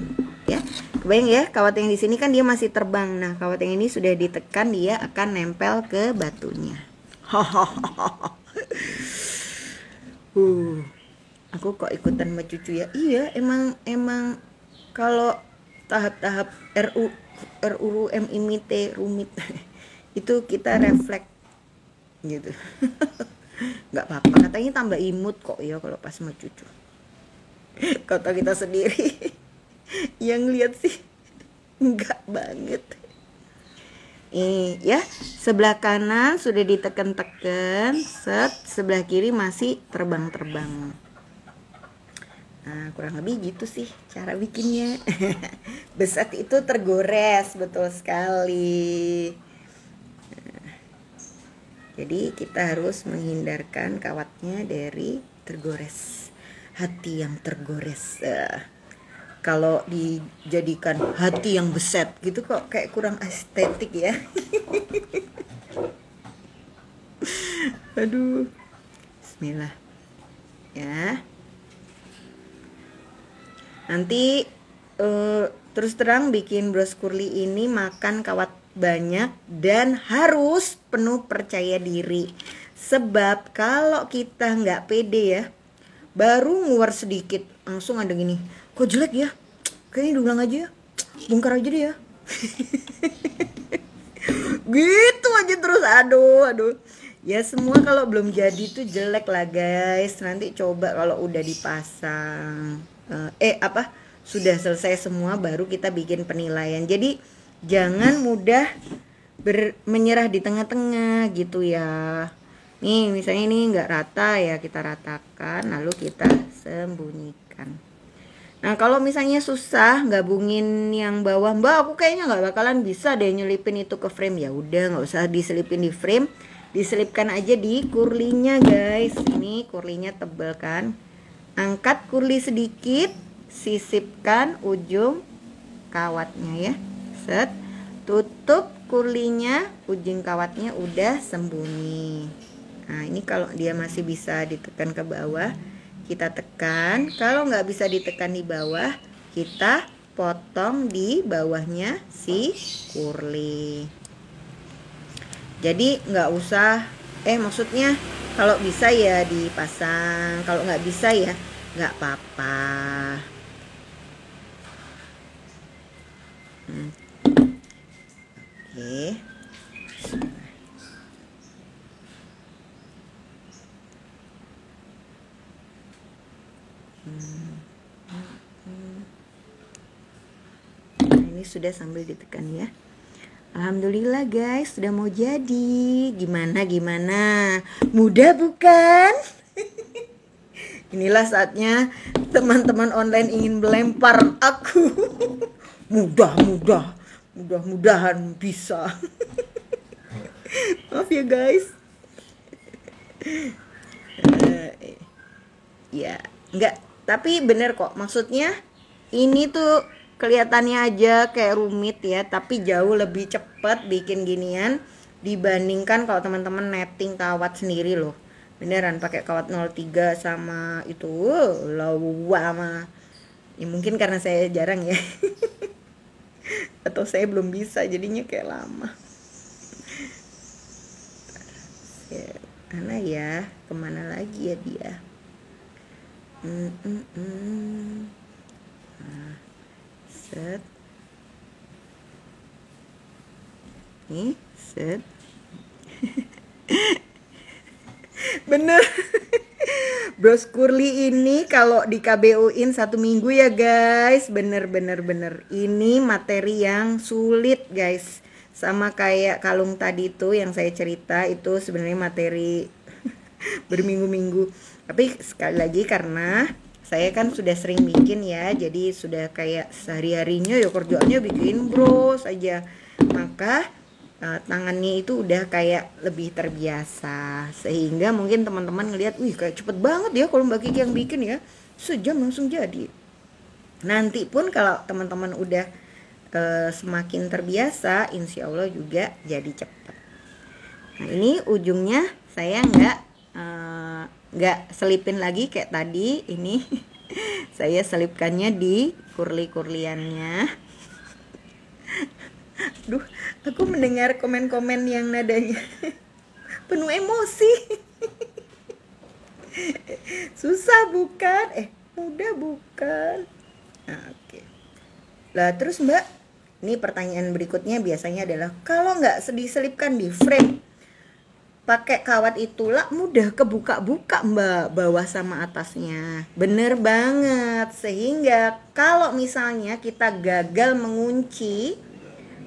ya kebayang ya kawat yang di sini kan dia masih terbang nah kawat yang ini sudah ditekan dia akan nempel ke batunya *laughs* huh aku kok ikutan sama cucu ya iya emang emang kalau tahap-tahap RU RUU MIMIT rumit *laughs* itu kita refleks gitu *laughs* Gak apa-apa katanya tambah imut kok ya kalau pas sama cucu *laughs* kata kita sendiri yang lihat sih nggak banget eh ya sebelah kanan sudah diteken-teken set sebelah kiri masih terbang-terbang nah kurang lebih gitu sih cara bikinnya *laughs* Beset itu tergores betul sekali nah, jadi kita harus menghindarkan kawatnya dari tergores hati yang tergores uh kalau dijadikan hati yang beset gitu kok kayak kurang estetik ya *laughs* aduh Bismillah ya nanti uh, terus terang bikin bros curly ini makan kawat banyak dan harus penuh percaya diri sebab kalau kita nggak pede ya baru nguar sedikit langsung ada gini kok jelek ya kayaknya diulang aja ya bongkar aja deh ya *laughs* gitu aja terus aduh aduh ya semua kalau belum jadi tuh jelek lah guys nanti coba kalau udah dipasang eh, eh apa sudah selesai semua baru kita bikin penilaian jadi jangan mudah ber, menyerah di tengah-tengah gitu ya nih misalnya ini nggak rata ya kita ratakan lalu kita sembunyikan Nah kalau misalnya susah gabungin yang bawah mbak aku kayaknya nggak bakalan bisa deh nyelipin itu ke frame ya udah nggak usah diselipin di frame diselipkan aja di kurlinya guys ini kurlinya tebel kan angkat kurli sedikit sisipkan ujung kawatnya ya set tutup kurlinya ujung kawatnya udah sembunyi nah ini kalau dia masih bisa ditekan ke bawah kita tekan. Kalau nggak bisa ditekan di bawah, kita potong di bawahnya si kurli. Jadi nggak usah, eh maksudnya kalau bisa ya dipasang, kalau nggak bisa ya nggak apa-apa. Hmm. Oke. Okay. Nah, ini sudah sambil ditekan ya. Alhamdulillah guys, sudah mau jadi. Gimana gimana? Mudah bukan? *laughs* Inilah saatnya teman-teman online ingin melempar aku. *laughs* Mudah, mudah. Mudah-mudahan bisa. *laughs* Maaf ya guys. Eh, ya, enggak tapi bener kok maksudnya ini tuh kelihatannya aja kayak rumit ya tapi jauh lebih cepet bikin ginian dibandingkan kalau teman-teman netting kawat sendiri loh beneran pakai kawat 03 sama itu lawa sama ya mungkin karena saya jarang ya *laughs* atau saya belum bisa jadinya kayak lama ya, mana ya kemana lagi ya dia set nih set bener bros curly ini kalau di KBU in satu minggu ya guys bener bener bener ini materi yang sulit guys sama kayak kalung tadi tuh yang saya cerita itu sebenarnya materi *laughs* berminggu-minggu tapi sekali lagi karena saya kan sudah sering bikin ya, jadi sudah kayak sehari-harinya ya kerjaannya bikin bros aja. Maka uh, tangannya itu udah kayak lebih terbiasa sehingga mungkin teman-teman ngelihat wih kayak cepet banget ya kalau Mbak Kiki yang bikin ya sejam langsung jadi nanti pun kalau teman-teman udah uh, semakin terbiasa insya Allah juga jadi cepet nah ini ujungnya saya nggak uh, nggak selipin lagi kayak tadi ini *laughs* saya selipkannya di kurli-kurliannya Duh, aku mendengar komen-komen yang nadanya *laughs* penuh emosi *laughs* susah bukan eh mudah bukan nah, oke okay. lah terus mbak ini pertanyaan berikutnya biasanya adalah kalau nggak sedih selipkan di frame pakai kawat itulah mudah kebuka-buka mbak bawah sama atasnya bener banget sehingga kalau misalnya kita gagal mengunci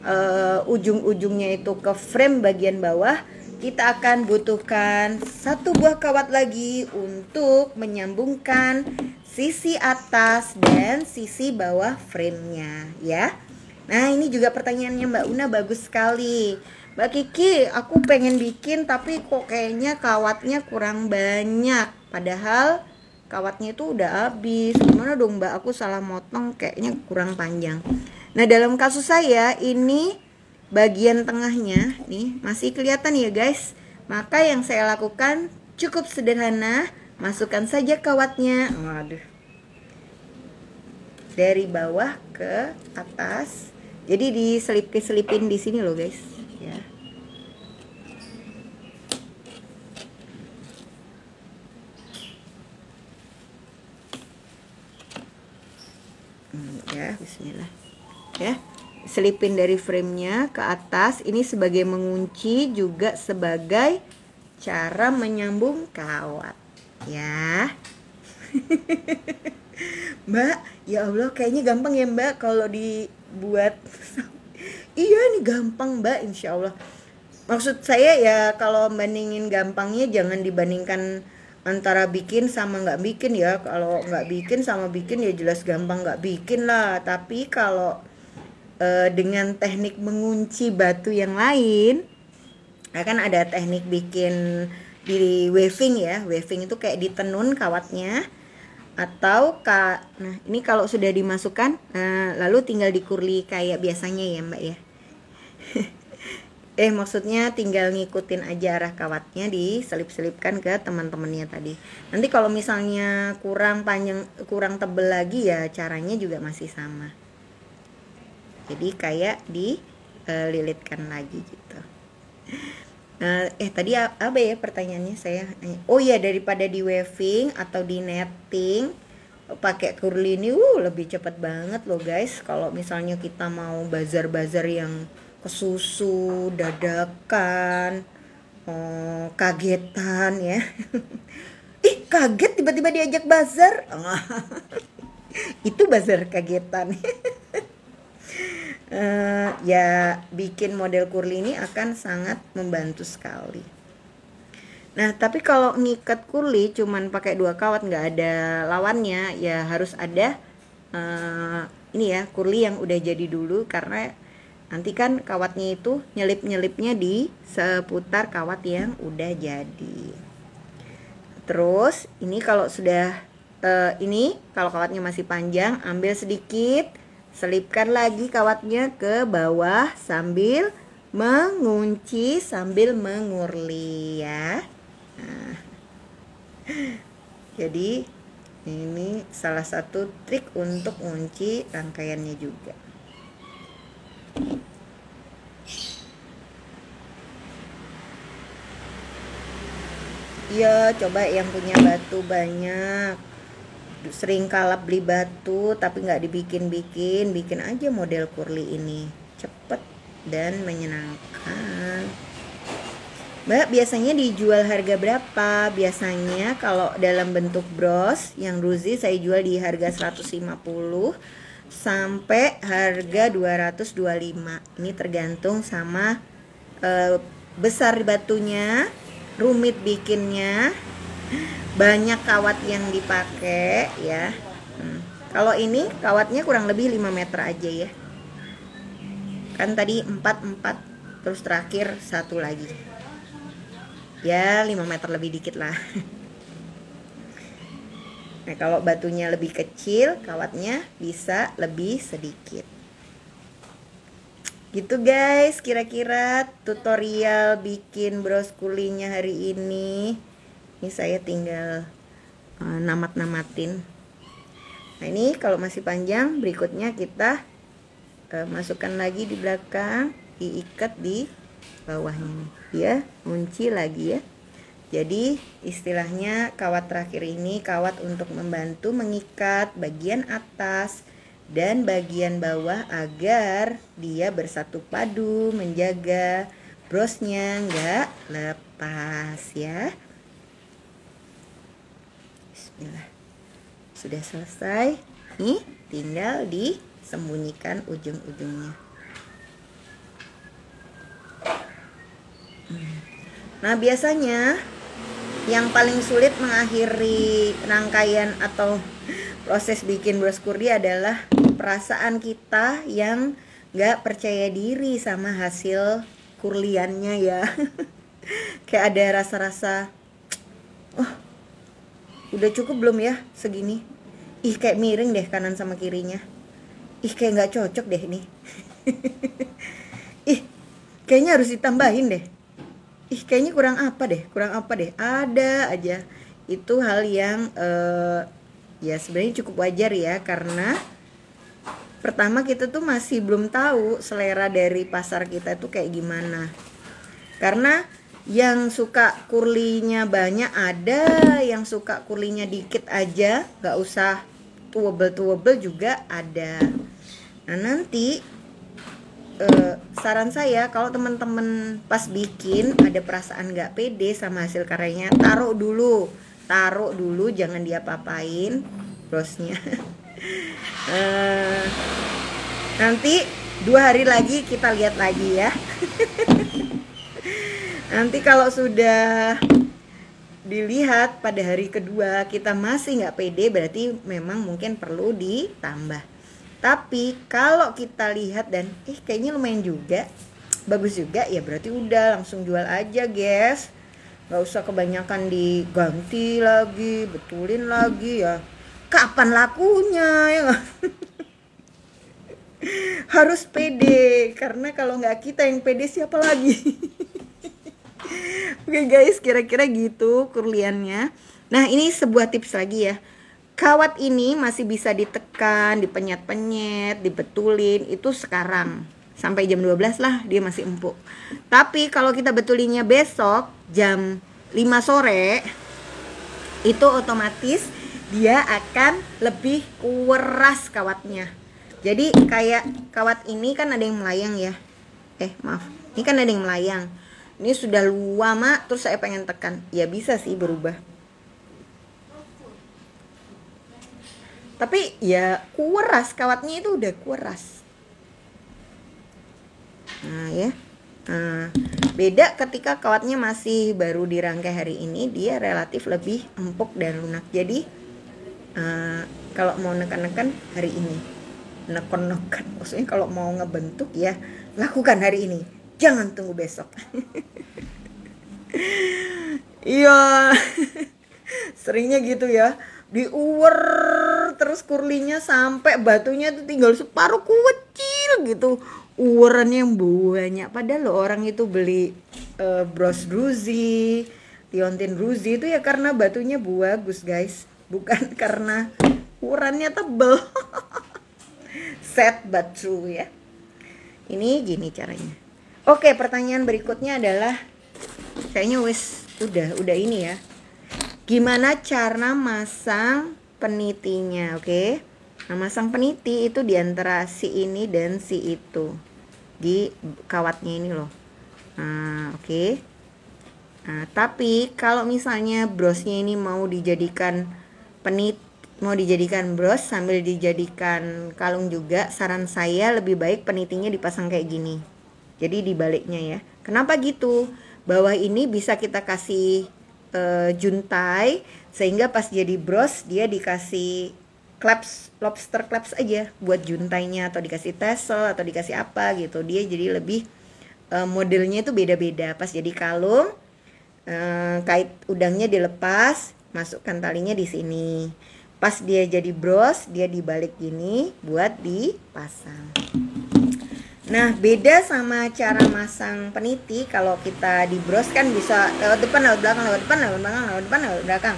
uh, ujung-ujungnya itu ke frame bagian bawah kita akan butuhkan satu buah kawat lagi untuk menyambungkan sisi atas dan sisi bawah framenya ya nah ini juga pertanyaannya mbak Una bagus sekali Mbak Kiki, aku pengen bikin tapi kok kayaknya kawatnya kurang banyak. Padahal kawatnya itu udah habis. Gimana dong Mbak? Aku salah motong kayaknya kurang panjang. Nah, dalam kasus saya ini bagian tengahnya nih masih kelihatan ya guys. Maka yang saya lakukan cukup sederhana, masukkan saja kawatnya. Waduh. Dari bawah ke atas. Jadi diselip-selipin di sini loh guys. Bismillah ya selipin dari framenya ke atas ini sebagai mengunci juga sebagai cara menyambung kawat ya *laughs* Mbak ya Allah kayaknya gampang ya Mbak kalau dibuat *laughs* iya nih gampang Mbak Insya Allah maksud saya ya kalau bandingin gampangnya jangan dibandingkan antara bikin sama nggak bikin ya kalau nggak bikin sama bikin ya jelas gampang nggak bikin lah tapi kalau e, dengan teknik mengunci batu yang lain akan ya ada teknik bikin di waving ya waving itu kayak ditenun kawatnya atau ka, nah ini kalau sudah dimasukkan nah, lalu tinggal dikurli kayak biasanya ya mbak ya eh maksudnya tinggal ngikutin aja arah kawatnya selip selipkan ke teman-temannya tadi nanti kalau misalnya kurang panjang kurang tebel lagi ya caranya juga masih sama jadi kayak dililitkan eh, lagi gitu nah, eh tadi apa ya pertanyaannya saya oh ya daripada di weaving atau di netting pakai curly ini uh, lebih cepat banget loh guys kalau misalnya kita mau bazar-bazar yang susu, dadakan eh, kagetan ya *laughs* ih kaget tiba-tiba diajak bazar ah, *laughs* itu bazar kagetan uh, *laughs* ya bikin model kurli ini akan sangat membantu sekali nah tapi kalau ngikat kurli cuman pakai dua kawat nggak ada lawannya ya harus ada uh, ini ya kurli yang udah jadi dulu karena nanti kan kawatnya itu nyelip-nyelipnya di seputar kawat yang udah jadi terus ini kalau sudah uh, ini kalau kawatnya masih panjang ambil sedikit selipkan lagi kawatnya ke bawah sambil mengunci sambil mengurli ya nah, jadi ini salah satu trik untuk ngunci rangkaiannya juga iya coba yang punya batu banyak sering kalap beli batu tapi nggak dibikin-bikin bikin aja model kurli ini cepet dan menyenangkan Mbak biasanya dijual harga berapa? Biasanya kalau dalam bentuk bros yang Ruzi saya jual di harga 150 sampai harga 225 ini tergantung sama uh, besar batunya rumit bikinnya banyak kawat yang dipakai ya hmm. kalau ini kawatnya kurang lebih 5 meter aja ya kan tadi 4 4 terus terakhir satu lagi ya 5 meter lebih dikit lah *laughs* Nah, kalau batunya lebih kecil, kawatnya bisa lebih sedikit. Gitu guys, kira-kira tutorial bikin bros kulinya hari ini. Ini saya tinggal uh, namat-namatin. Nah ini kalau masih panjang, berikutnya kita uh, masukkan lagi di belakang, diikat di bawahnya nih. Ya, kunci lagi ya. Jadi istilahnya kawat terakhir ini kawat untuk membantu mengikat bagian atas dan bagian bawah agar dia bersatu padu menjaga brosnya nggak lepas ya Bismillah sudah selesai nih tinggal disembunyikan ujung-ujungnya hmm. nah biasanya yang paling sulit mengakhiri rangkaian atau proses bikin bros kurdi adalah perasaan kita yang nggak percaya diri sama hasil kurliannya ya *laughs* kayak ada rasa-rasa oh udah cukup belum ya segini ih kayak miring deh kanan sama kirinya ih kayak nggak cocok deh ini *laughs* ih kayaknya harus ditambahin deh ih kayaknya kurang apa deh kurang apa deh ada aja itu hal yang uh, ya sebenarnya cukup wajar ya karena pertama kita tuh masih belum tahu selera dari pasar kita itu kayak gimana karena yang suka kurlinya banyak ada yang suka kurlinya dikit aja nggak usah tuwebel-tuwebel juga ada nah nanti eh, saran saya kalau teman-teman pas bikin ada perasaan nggak pede sama hasil karyanya taruh dulu taruh dulu jangan diapa-apain brosnya *laughs* *laughs* Eh, nanti dua hari lagi kita lihat lagi ya *laughs* nanti kalau sudah dilihat pada hari kedua kita masih nggak pede berarti memang mungkin perlu ditambah tapi kalau kita lihat dan eh kayaknya lumayan juga bagus juga ya berarti udah langsung jual aja guys nggak usah kebanyakan diganti lagi betulin lagi ya kapan lakunya ya *laughs* harus pede karena kalau nggak kita yang pede siapa lagi *laughs* oke okay guys kira-kira gitu kurliannya nah ini sebuah tips lagi ya kawat ini masih bisa ditekan dipenyet-penyet dibetulin itu sekarang sampai jam 12 lah dia masih empuk tapi kalau kita betulinnya besok jam 5 sore itu otomatis dia akan lebih keras kawatnya jadi kayak kawat ini kan ada yang melayang ya eh maaf ini kan ada yang melayang ini sudah mak, terus saya pengen tekan ya bisa sih berubah tapi ya kuras kawatnya itu udah kuras nah ya nah beda ketika kawatnya masih baru dirangkai hari ini dia relatif lebih empuk dan lunak jadi Eh, kalau mau nekan-nekan hari ini nekon neken *laughs* maksudnya kalau mau ngebentuk ya lakukan hari ini jangan tunggu besok *laughs* iya *laughs* seringnya gitu ya diuwer terus kurlinya sampai batunya itu tinggal separuh kecil gitu uwerannya yang banyak padahal lo orang itu beli uh, bros Ruzi Liontin Ruzi itu ya karena batunya bagus guys bukan *laughs* karena ukurannya tebel *laughs* set but true ya ini gini caranya oke pertanyaan berikutnya adalah kayaknya wes udah udah ini ya gimana cara masang penitinya oke nah masang peniti itu diantara si ini dan si itu di kawatnya ini loh nah, oke nah tapi kalau misalnya brosnya ini mau dijadikan penit mau dijadikan bros sambil dijadikan kalung juga saran saya lebih baik penitinya dipasang kayak gini jadi dibaliknya ya kenapa gitu bawah ini bisa kita kasih e, juntai sehingga pas jadi bros dia dikasih claps lobster claps aja buat juntainya atau dikasih tassel atau dikasih apa gitu dia jadi lebih e, modelnya itu beda-beda pas jadi kalung e, kait udangnya dilepas masukkan talinya di sini pas dia jadi bros dia dibalik gini buat dipasang nah beda sama cara masang peniti kalau kita di bros kan bisa lewat depan lewat belakang lewat depan lewat belakang lewat depan lewat belakang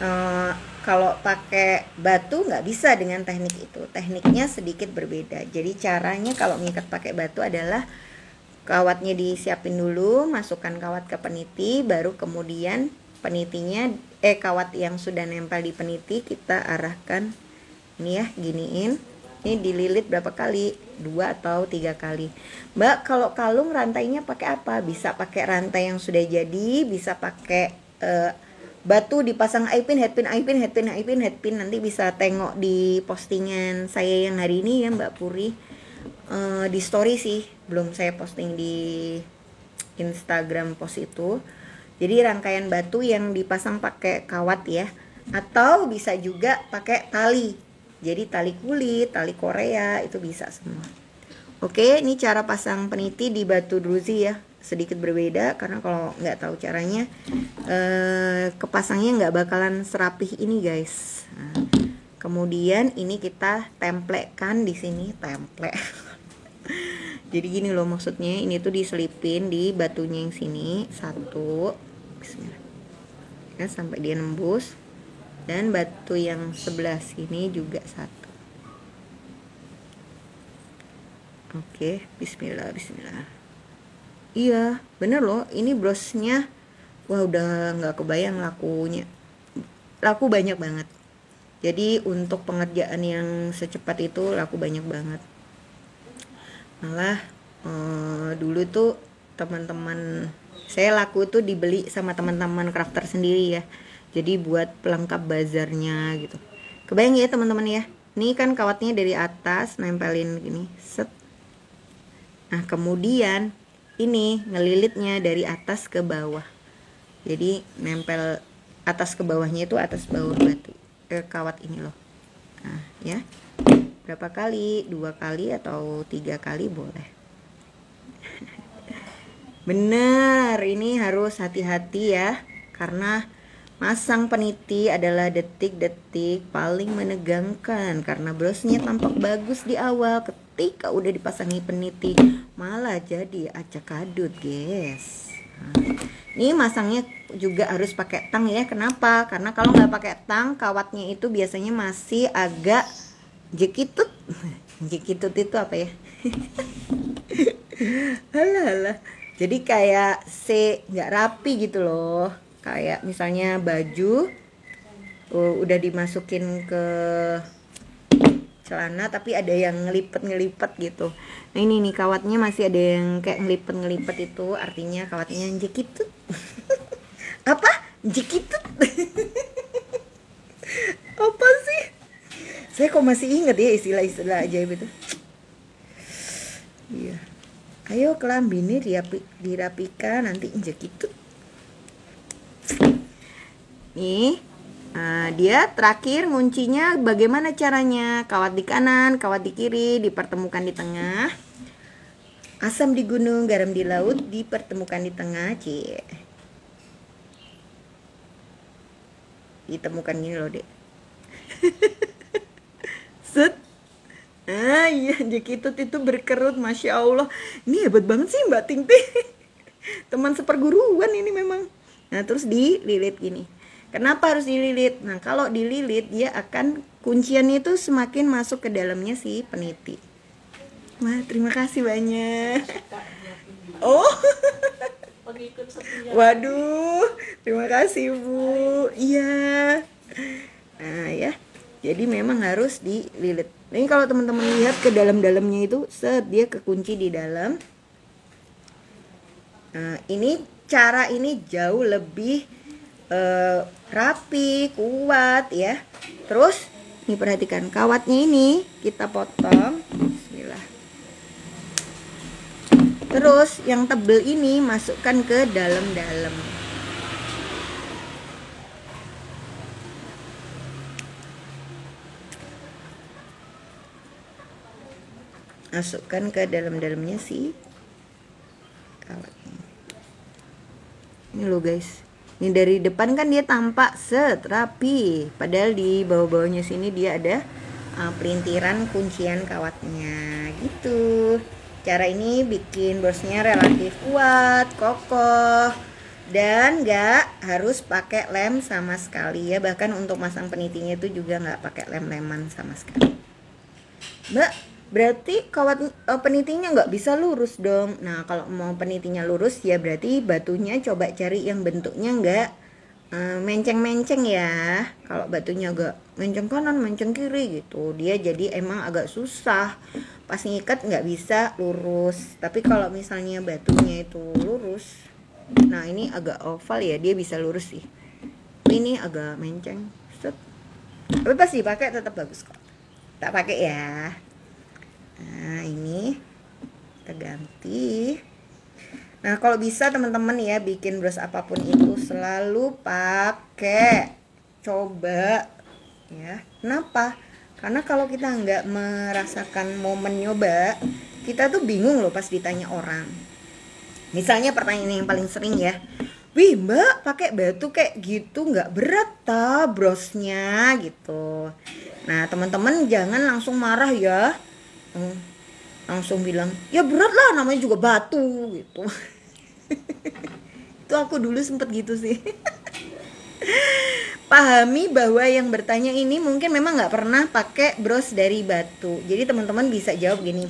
uh, kalau pakai batu nggak bisa dengan teknik itu tekniknya sedikit berbeda jadi caranya kalau ngikat pakai batu adalah kawatnya disiapin dulu masukkan kawat ke peniti baru kemudian penitinya eh kawat yang sudah nempel di peniti kita arahkan ini ya giniin ini dililit berapa kali dua atau tiga kali mbak kalau kalung rantainya pakai apa bisa pakai rantai yang sudah jadi bisa pakai eh, batu dipasang ipin headpin ipin headpin ipin headpin nanti bisa tengok di postingan saya yang hari ini ya mbak Puri eh, di story sih belum saya posting di Instagram post itu jadi rangkaian batu yang dipasang pakai kawat ya atau bisa juga pakai tali jadi tali kulit tali korea itu bisa semua oke ini cara pasang peniti di batu druzi ya sedikit berbeda karena kalau nggak tahu caranya eh, kepasangnya nggak bakalan serapih ini guys nah, kemudian ini kita templekan di sini templek *laughs* jadi gini loh maksudnya ini tuh diselipin di batunya yang sini satu ya sampai dia nembus dan batu yang sebelah sini juga satu oke bismillah bismillah iya bener loh ini brosnya wah udah nggak kebayang lakunya laku banyak banget jadi untuk pengerjaan yang secepat itu laku banyak banget malah eh, dulu tuh teman-teman saya laku itu dibeli sama teman-teman crafter sendiri ya jadi buat pelengkap bazarnya gitu kebayang ya teman-teman ya ini kan kawatnya dari atas nempelin gini set nah kemudian ini ngelilitnya dari atas ke bawah jadi nempel atas ke bawahnya itu atas bawah batu eh, kawat ini loh nah ya berapa kali dua kali atau tiga kali boleh Benar, ini harus hati-hati ya karena masang peniti adalah detik-detik paling menegangkan karena brosnya tampak bagus di awal ketika udah dipasangi peniti malah jadi acak adut guys. ini masangnya juga harus pakai tang ya. Kenapa? Karena kalau nggak pakai tang, kawatnya itu biasanya masih agak jekitut. *laughs* Jekitut itu apa ya? halah, *laughs* halah jadi kayak C nggak rapi gitu loh kayak misalnya baju uh, udah dimasukin ke celana tapi ada yang ngelipet ngelipet gitu nah ini nih kawatnya masih ada yang kayak ngelipet ngelipet itu artinya kawatnya jekitut *laughs* apa jekitut *laughs* apa sih saya kok masih inget ya istilah-istilah aja itu iya yeah ayo ini dirapi, dirapikan nanti injek itu nih Nah, dia terakhir kuncinya bagaimana caranya? Kawat di kanan, kawat di kiri, dipertemukan di tengah. Asam di gunung, garam di laut, dipertemukan di tengah, C. Ditemukan gini loh, Dek. *laughs* Set iya Jekitut itu berkerut Masya Allah Ini hebat banget sih Mbak Ting Ting *laughs* Teman seperguruan ini memang Nah terus dililit gini Kenapa harus dililit? Nah kalau dililit dia akan kuncian itu semakin masuk ke dalamnya si peniti Wah terima kasih banyak Oh *laughs* Waduh, terima kasih Bu. Iya. Nah ya, jadi memang harus dililit. Ini kalau teman-teman lihat ke dalam-dalamnya itu set dia kekunci di dalam. Nah, ini cara ini jauh lebih uh, rapi, kuat ya. Terus ini perhatikan kawatnya ini kita potong. Bismillah. Terus yang tebel ini masukkan ke dalam-dalam. masukkan ke dalam-dalamnya si kawatnya ini loh guys ini dari depan kan dia tampak set rapi padahal di bawah-bawahnya sini dia ada uh, pelintiran kuncian kawatnya gitu cara ini bikin bosnya relatif kuat kokoh dan nggak harus pakai lem sama sekali ya bahkan untuk masang penitinya itu juga nggak pakai lem-leman sama sekali mbak berarti kawat uh, penitinya nggak bisa lurus dong nah kalau mau penitinya lurus ya berarti batunya coba cari yang bentuknya nggak menceng menceng-menceng ya kalau batunya agak menceng kanan menceng kiri gitu dia jadi emang agak susah pas ngikat nggak bisa lurus tapi kalau misalnya batunya itu lurus nah ini agak oval ya dia bisa lurus sih ini agak menceng tapi pasti pakai tetap bagus kok tak pakai ya nah ini kita ganti nah kalau bisa teman-teman ya bikin brush apapun itu selalu pakai coba ya kenapa karena kalau kita nggak merasakan momen nyoba kita tuh bingung loh pas ditanya orang misalnya pertanyaan yang paling sering ya wih mbak pakai batu kayak gitu nggak berat ta brosnya gitu nah teman-teman jangan langsung marah ya langsung bilang ya berat lah namanya juga batu gitu itu aku dulu sempet gitu sih pahami bahwa yang bertanya ini mungkin memang nggak pernah pakai bros dari batu jadi teman-teman bisa jawab gini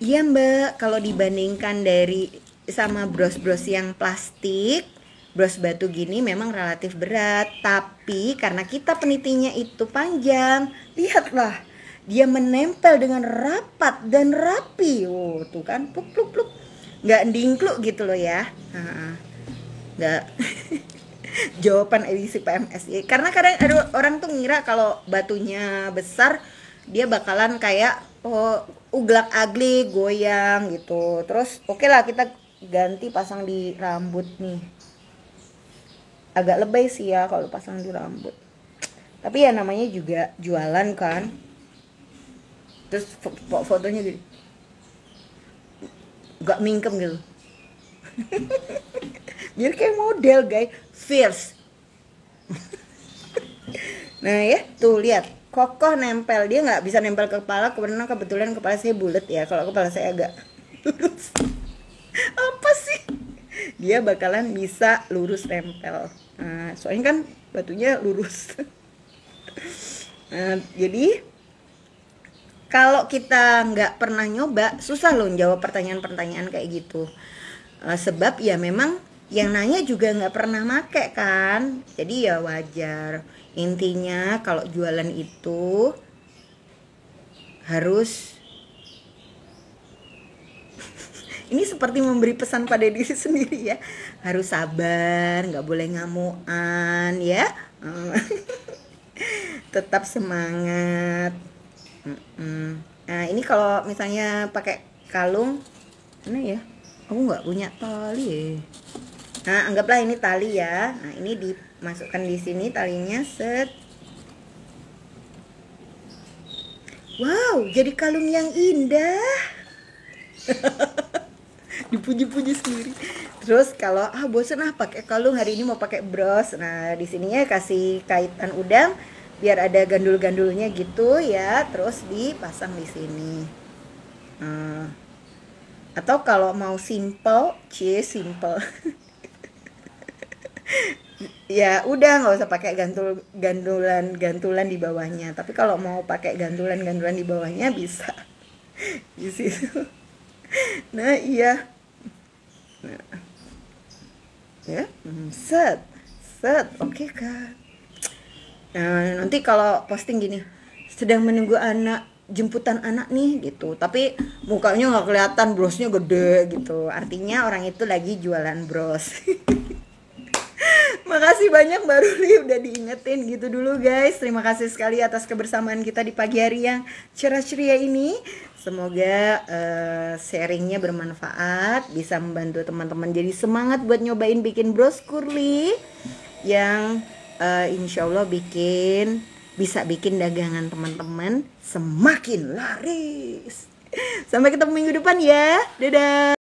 iya mbak kalau dibandingkan dari sama bros-bros yang plastik bros batu gini memang relatif berat tapi karena kita penitinya itu panjang lihatlah dia menempel dengan rapat dan rapi oh tuh kan pluk pluk pluk nggak dingkluk gitu loh ya nggak *laughs* jawaban edisi PMSI ya, karena kadang ada orang tuh ngira kalau batunya besar dia bakalan kayak oh, uglak agli goyang gitu terus oke okay lah kita ganti pasang di rambut nih agak lebay sih ya kalau pasang di rambut tapi ya namanya juga jualan kan terus fotonya gitu nggak mingkem gitu *laughs* jadi kayak model guys fierce *laughs* nah ya tuh lihat kokoh nempel dia nggak bisa nempel ke kepala karena kebetulan kepala saya bulat ya kalau kepala saya agak lurus *laughs* apa sih dia bakalan bisa lurus nempel nah, soalnya kan batunya lurus nah, jadi kalau kita nggak pernah nyoba susah loh jawab pertanyaan-pertanyaan kayak gitu eh, sebab ya memang yang nanya juga nggak pernah make kan jadi ya wajar intinya kalau jualan itu harus *laughs* ini seperti memberi pesan pada *laughs* diri sendiri ya harus sabar nggak boleh ngamuan ya eh, *laughs* tetap semangat Nah ini kalau misalnya pakai kalung, ini ya, aku nggak punya tali. Nah anggaplah ini tali ya. Nah ini dimasukkan di sini talinya set. Wow, jadi kalung yang indah. *laughs* Dipuji-puji sendiri. Terus kalau ah bosan ah pakai kalung hari ini mau pakai bros. Nah di sini ya kasih kaitan udang biar ada gandul-gandulnya gitu ya terus dipasang di sini hmm. atau kalau mau simple cie simple *laughs* ya udah nggak usah pakai gantul gandulan gantulan di bawahnya tapi kalau mau pakai gantulan gantulan di bawahnya bisa *laughs* di situ nah iya nah. ya hmm, set set oke okay, kan Nah, nanti kalau posting gini, sedang menunggu anak jemputan anak nih gitu tapi mukanya nggak kelihatan brosnya gede gitu artinya orang itu lagi jualan bros *laughs* makasih banyak baru nih udah diingetin gitu dulu guys terima kasih sekali atas kebersamaan kita di pagi hari yang cerah ceria ini semoga uh, sharingnya bermanfaat bisa membantu teman-teman jadi semangat buat nyobain bikin bros curly yang uh, eh, insya Allah bikin bisa bikin dagangan teman-teman semakin laris. Sampai ketemu minggu depan ya. Dadah.